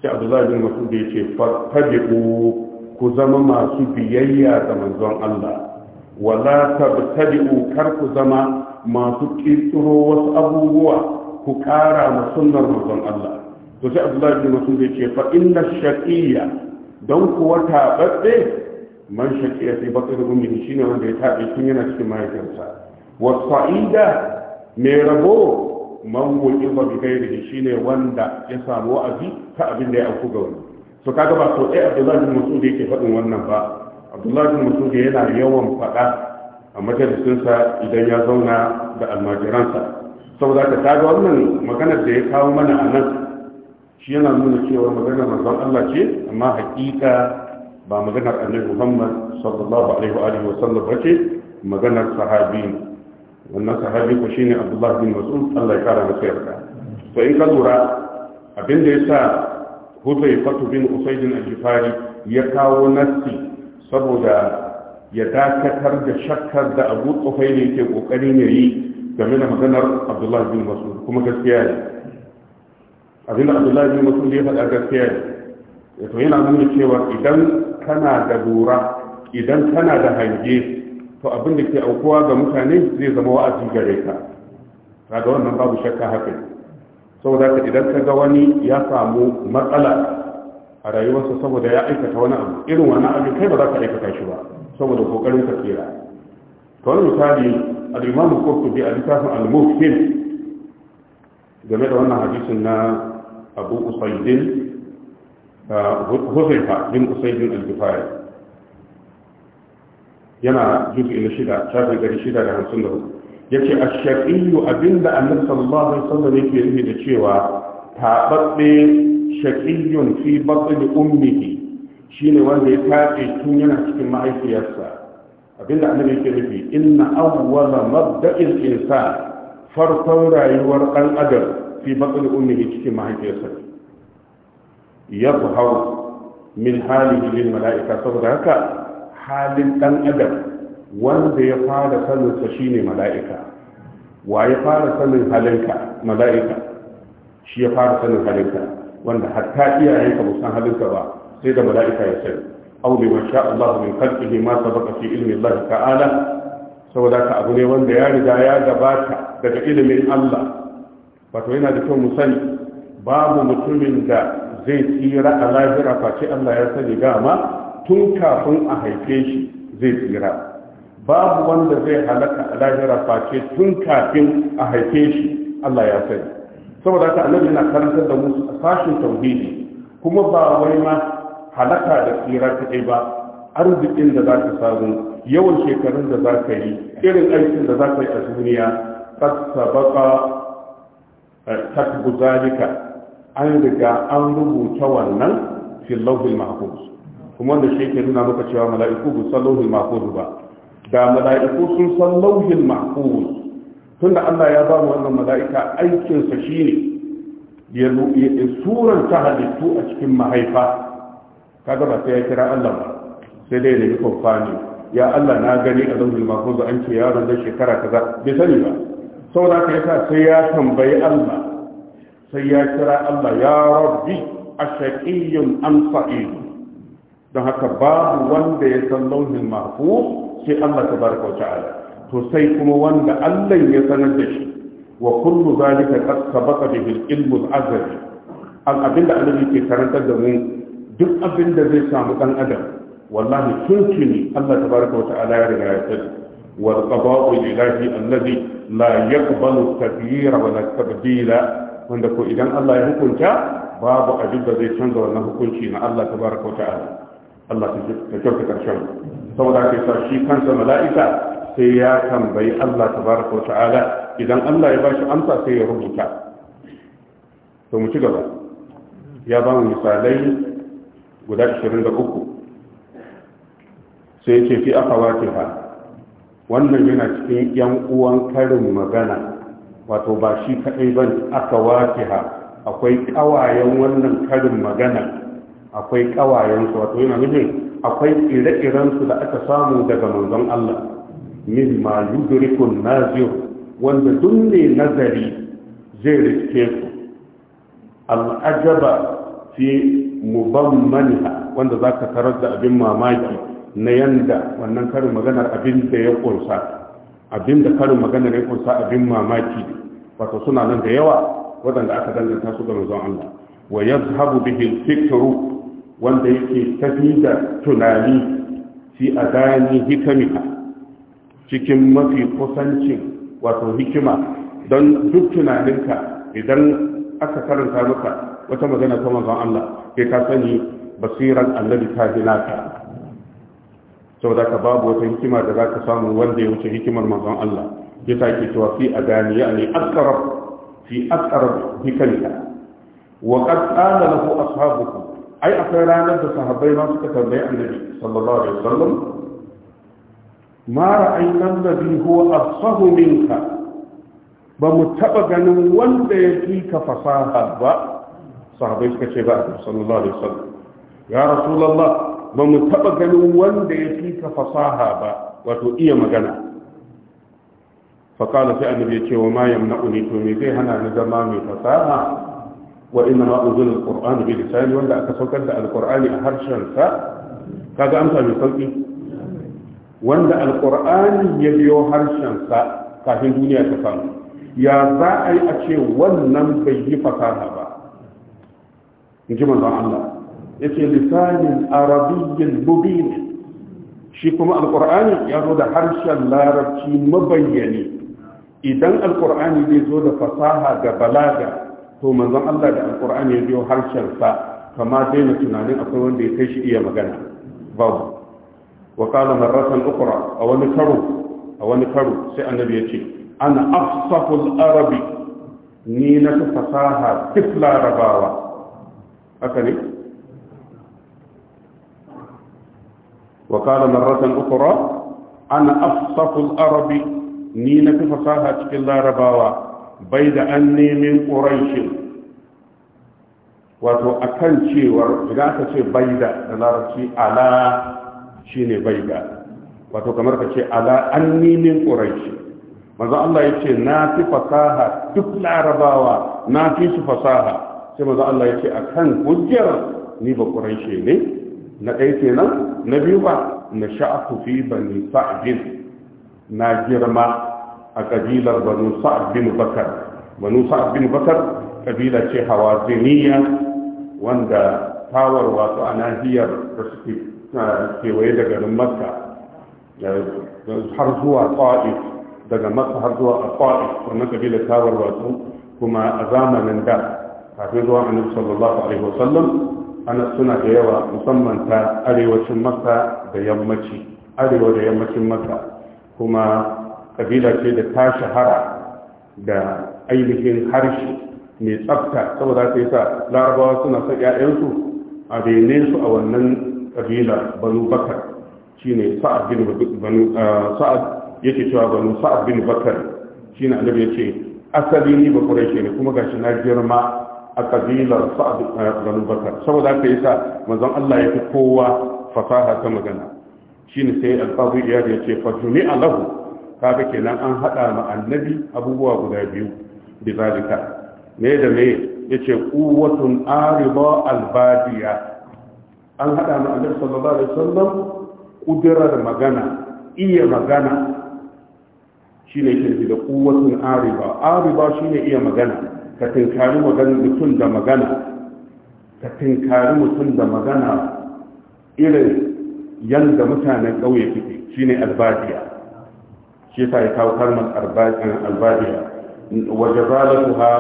sai Abdullahi bin da ya ce fattabi'u ku zama masu biyayya ga manzon Allah wala tabtadi'u kar ku zama masu kirkiro wasu abubuwa ku kara ma sunnar manzon Allah to sai Abdullahi bin Mas'ud ya ce fa inna shaqiyya don kuwa tababbe man shaqiya sai bakar gumi shine wanda ya tabe shi yana cikin mahaifinsa wa sa'ida mai rabo man wuce ba bi gairi shine wanda ya samu wa'azi ta abin da ya auku ga wani to kaga ba ko ɗaya abdullahi bin mas'ud yake faɗin wannan ba abdullahi bin mas'ud yana yawan faɗa a sa idan ya zauna da almajiransa saboda ka kaga wannan maganar da ya kawo mana a nan shi yana nuna cewa maganar manzon Allah ce amma hakika ba maganar annabi Muhammad sallallahu alaihi wa alihi wa sallam bace maganar sahabi wannan sahabi ko shine Abdullahi bin Mas'ud Allah ya kara masa yarda to in ka lura abin da yasa huzaifa bin usaidin al-jifari ya kawo nassi saboda ya dakatar da shakkar da abu tsofai ne ke kokarin ya yi game da maganar abdullahi bin masud kuma gaskiya ne abin da abdullahi bin masud ya faɗa gaskiya ne to yana nuna cewa idan kana da lura idan kana da hange to abin da ke aukuwa ga mutane zai zama wa'azi gare ka kaga wannan babu shakka haka saboda ka idan ka ga wani ya samu matsala a rayuwarsa saboda ya aikata wani abu irin wani abu kai ba za ka aikata shi ba saboda kokarin ka tsira to wani misali al Kofi qurtubi a littafin al-mufhim game da wannan hadisin na abu usaidin uh, huzaifa bin usaidin al-bukhari yana juzu ila shida shafin gari shida da hamsin da hudu yace ash-shaqiyyu abinda annabi sallallahu alaihi wasallam yake nufi da cewa tababbe shaqiyyun fi batni ummihi shine wanda ya tace tun yana cikin mahaifiyarsa abinda annabi yake nufi inna awwala mabda'il insan farkon rayuwar dan adam fi batni ummihi cikin mahaifiyarsa yadhharu min halihi lil mala'ika saboda haka halin dan adam wanda ya fara saninsa shine mala'ika wa ya fara sanin halinka mala'ika shi ya fara sanin halinka wanda hatta iyayenka ba san halinka ba sai da mala'ika ya sani aw liman sha Allah min khalqihi ma sabaqa fi ilmi Allah ta'ala saboda ka abu ne wanda ya riga ya gabata daga ilimin Allah wato yana da kyau mu sani babu mutumin da zai tsira a lahira face Allah ya sani dama tun kafin a haife shi zai tsira babu wanda zai halaka a lahira face tun kafin a haife shi Allah ya sani saboda haka annabi yana karantar da mu sashin tauhidi kuma ba wai ma halaka da tsira kaɗai ba arzikin da za ka samu yawan shekarun da za ka yi irin aikin da za ka yi a duniya qad sabaqa eh, an riga an rubuta wannan fil lawhil mahfuz kuma wanda shi ke nuna maka cewa mala'iku bu sallawhil mahfuz ba da mala'iku sun san lauhin mahfuz tunda Allah ya ba mu wannan mala'ika aikin sa shine ya suran ta halittu a cikin mahaifa kaga ba sai ya kira Allah ba sai dai ne kofani ya Allah na gani a lauhin mahfuz an ce yaron da shekara kaza bai sani ba saboda haka yasa sai ya tambayi Allah sai ya kira Allah ya rabbi ashaqiyyun am sa'id don haka babu wanda ya san lauhin mahfuz sai Allah ta tabaraka wa ta'ala to sai kuma wanda Allah ya sanar da shi wa kullu zalika qad sabaqa bihi al-ilmu al-azali al abinda annabi ke karantar da mu duk abin da zai samu dan adam wallahi tuntuni Allah tabaraka wa ta'ala ya riga ya sani wal qada'u ilahi alladhi la yaqbalu at-taghyira wa at-tabdila wanda ko idan Allah ya hukunta babu abin da zai canza wannan hukunci na Allah tabaraka wa ta'ala Allah ta kyauta karshen saboda haka sa, shi kansa mala'ika sai ya tambayi Allah tabaraka wa ta'ala idan Allah ya bashi amsa sai ya rubuta to mu ci gaba ya ba mu misalai guda 23 sai ce fi akhawatiha wannan yana cikin yan uwan karin magana wato ba shi kadai ban akhawatiha akwai kawayen wannan karin magana akwai kawayensu wato yana nufin akwai ire-irensu da aka samu daga manzon Allah min ma yudrikun nazir wanda duk ne nazari zai riske su al'ajaba fi mubammanha wanda zaka tarar da abin mamaki na yanda wannan karin maganar abin da ya kunsa abin da karin maganar ya kunsa abin mamaki wato suna nan da yawa waɗanda aka danganta su ga manzon Allah wa yazhabu bihi al wanda yake tafi da tunani fi adani hikamiha cikin mafi kusancin wato hikima don duk tunaninka idan aka karanta maka wata magana ta manzon Allah sai ka sani basiran annabi ta sau da ka babu wata hikima da za ka samu wanda ya wuce hikimar manzon Allah ya sake cewa fi adani yani akthar fi akthar hikamika wa qad qala lahu ashabuhu ai akwai ranar da sahabbai ma suka tambayi annabi sallallahu alaihi wasallam ma ra'ayna alladhi huwa afsahu minka ba mu taba ganin wanda ya fi ka fasaha ba sahabbai suka ce ba sallallahu alaihi wasallam ya rasulullah ba mu taba ganin wanda ya fi ka fasaha ba wato iya magana فقال في النبي ce wa ma yamna'uni to me zai hana ni zama mai fasaha wa inna ma unzila alquran bi lisani wanda aka saukar da alqurani a harshen sa kaga amsa mai sauki wanda alqurani ya biyo harshen sa kafin duniya ta samu ya za a yi a ce wannan bai yi fasaha ba in ji manzon Allah yace lisanin arabiyyin mubin shi kuma Alƙur'ani ya zo da harshen larabci mabayyani idan Alƙur'ani zai zo da fasaha da balaga to manzon Allah da alqur'ani ya biyo harshen sa kama daina tunanin akwai wanda ya kai shi iya magana babu wa qala marratan ukhra a wani karo a wani karo sai annabi ya ce ana afsahul arabi ni na fasaha duk larabawa haka ne وقال مرة أخرى أنا Ni na نينة fasaha cikin larabawa. bai da an nemin ƙuraishin wato a kan cewar idan aka ce bai da da larabci ala shi ne bai da wato kamar ka ce ala an nemin ƙuraishin manzo Allah ya ce na fi fasaha duk larabawa na fi su fasaha sai manzo Allah ya ce a kan hujjar ni ba ƙuraishe ne na ɗaya kenan na biyu ba na sha'afu fi bani sa'adin na girma a kabilar banu sa'ad bin bakar banu sa'ad bin bakar kabila ce hawaziniya wanda tawar wasu a nahiyar da suke kewaye da garin makka har zuwa ta'if daga makka har zuwa a ta'if wannan kabila tawar wasu kuma a zamanin da kafin zuwa annabi sallallahu alaihi wasallam ana suna da yawa musamman ta arewacin makka da yammaci arewa da yammacin makka kuma kabila ce da ta shahara da ainihin harshe mai tsafta saboda ta yi sa larabawa suna son 'ya'yansu a rene su a wannan kabila banu bakar shi ne sa'ad yake cewa banu sa'ad bin bakar shi ne annabi ya ce asali ni ba kurai ne kuma gashi na girma a kabilar sa'ad banu bakar saboda ta yi sa manzon allah ya fi kowa fasaha ta magana shi ne sai alfazu iyar ya ce fa jumi'a lahu kaga kenan an hada ma annabi abubuwa guda biyu bi zalika me da me yace quwwatun arida albadiya an hada ma annabi sallallahu alaihi wasallam kudirar magana iya magana shine yake da quwwatun arida arida shine iya magana ka tinkari magana mutum da magana ka tinkari mutum da magana irin yanda mutanen ƙauye suke shine albadiya shi sa ya kawo kalmar albadiya wajen zalatuha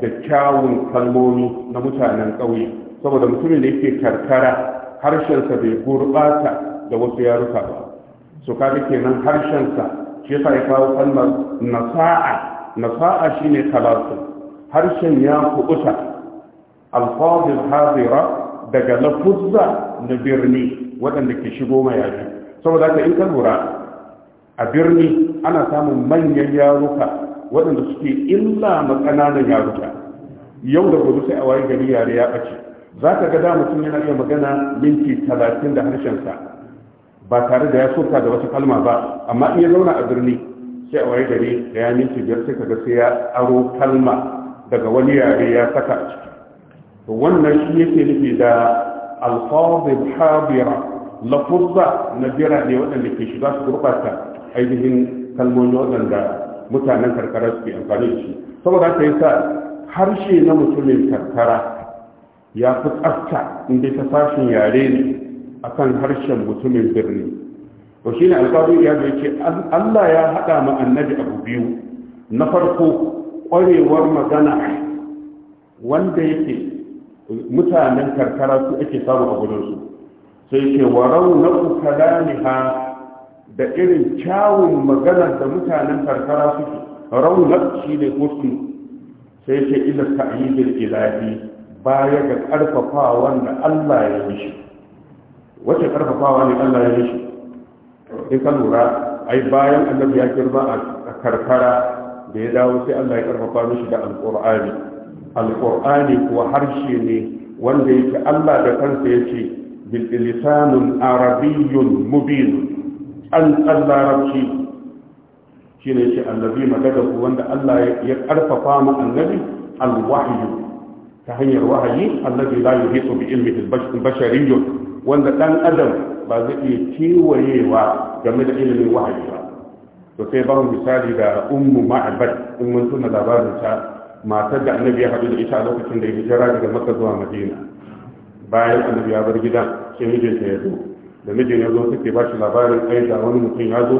da kyawun kalmomi na mutanen ƙauye saboda mutumin da yake karkara harshensa bai gurɓata da wasu yaruka ba su kaga kenan harshensa shi sa ya kawo kalmar nasa'a nasa'a shine talasu harshen ya kubuta alfazil hazira daga lafuzza na birni waɗanda ke shigo mayafi saboda haka in ka lura a birni ana samun manyan yaruka waɗanda suke illa ma ƙananan yaruka yau da gobe sai a waye gari yare ya ɓace za ka ga mutum yana iya magana minti talatin da harshensa ba tare da ya surta da wata kalma ba amma in zauna a birni sai a waye gari da ya minti biyar sai ka ga sai ya aro kalma daga wani yare ya saka a ciki to wannan shi yake nufi da alfazin habira lafuzza na birane waɗanda ke shiga su gurɓata ainihin kalmomi waɗanda mutanen karkara suke amfani da shi saboda haka yasa harshe na mutumin karkara ya fi tsafta inda ta fashin yare ne akan harshen mutumin birni to ne alƙawari ya ce Allah ya haɗa ma annabi abu biyu na farko ƙwarewar magana wanda yake mutanen karkara su ake samu a gudansu sai ke warau na ukalaniha da irin kyawun maganar da mutanen karkara suke raunar shi ne kusur sai ke ila ta'yidil ilahi baya ga karfafawan da Allah ya yi shi wace karfafawa ne Allah ya yi shi in ka lura ai bayan annabi ya kirba a karkara da ya dawo sai Allah ya karfafa mishi da alqur'ani alqur'ani kuwa harshe ne wanda yake Allah da kansa yace bil lisanun arabiyyun mubin an larabci shi ne ce annabi ku wanda Allah ya karfafa mu annabi alwahyu ta hanyar wahayi annabi la yuhitu bi bashirin albashariyyun wanda dan adam ba zai iya kewayewa game da ilimin wahayi ba to sai ba mu misali da ummu ma'abad in mun tuna labarin ta matar da annabi ya haɗu da ita a lokacin da ya hijira daga maka zuwa madina bayan annabi ya bar gidan sai mijinta ya zo da mijin ya zo suke ba shi labarin ai da wani mutum ya zo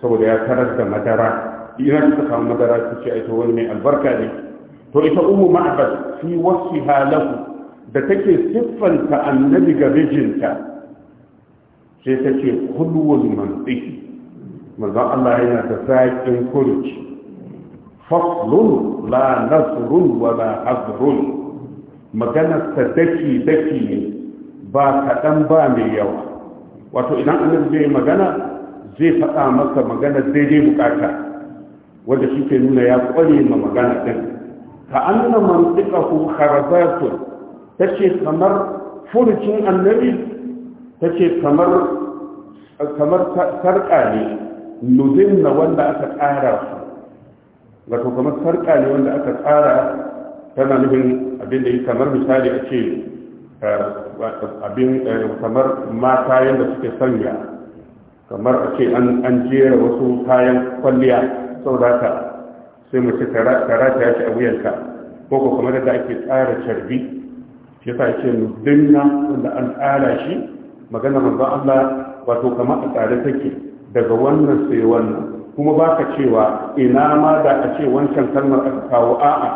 saboda ya tarar da madara ina suka samu madara su ce aito wani mai albarka ne to ita umu ma'abad fi wasu halahu da take siffanta annabi ga mijinta sai ta ce kulwul mantsi. manzon Allah yana da zaƙin kurci faslun la nasrun wa la azrun maganar ta daki daki ne ba kaɗan ba mai yawa wato idan annabi zai yi magana zai faɗa masa magana daidai bukata wanda shi ke nuna ya ƙware ma magana ɗin ka anna mantiqahu ta ce kamar furucin annabi tace kamar kamar sarƙa ne nuzin na wanda aka tsara su wato kamar sarƙa ne wanda aka tsara tana nufin abin da yi kamar misali a ce eh, abin eh, kamar mata yadda da suke sanya kamar a ce an jera wasu kayan kwalliya sau da ka sai mu ce karata ya ci a wuyanka ko ko kamar da ake tsara carbi shi ta ce dinna wanda an tsara shi magana manzon Allah wato kamar a tsare take daga wannan sai wannan kuma ka cewa ina ma da a ce wancan kalmar aka kawo a'a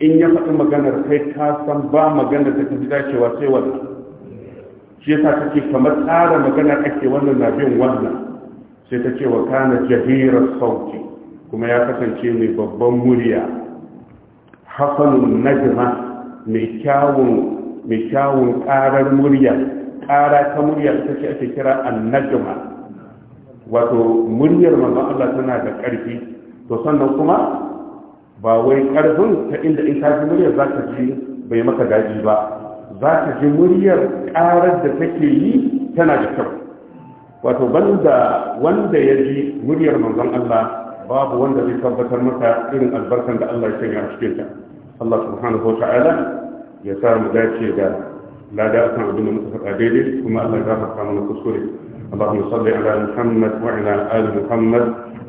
in ya faɗi maganar kai ka san ba maganar da ta fi dacewa sai wannan shi yasa ce kamar tsara magana ake wannan na bin wannan sai ta ce wa kana jahirar sauti kuma ya kasance mai babban murya Hafanun najma mai kyawun mai kyawun karar murya kara ta murya ita ce ake kira annajma wato muryar manzon Allah tana da ƙarfi to sannan kuma ba wai ƙarfin ta inda in ka ji muryar za ta ji bai maka daji ba za ta ji muryar ƙarar da take yi tana da kyau wato banda wanda ya ji muryar manzon Allah babu wanda zai tabbatar masa irin albarkan da Allah ya sanya a cikin ta Allah subhanahu wa ta'ala ya sa mu dace da lada kan abin da muka faɗa daidai kuma Allah ya gafarta mana kuskure اللهم صل على محمد وعلى آل محمد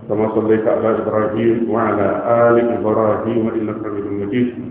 كما صليت على إبراهيم وعلى آل إبراهيم إنك حميد مجيد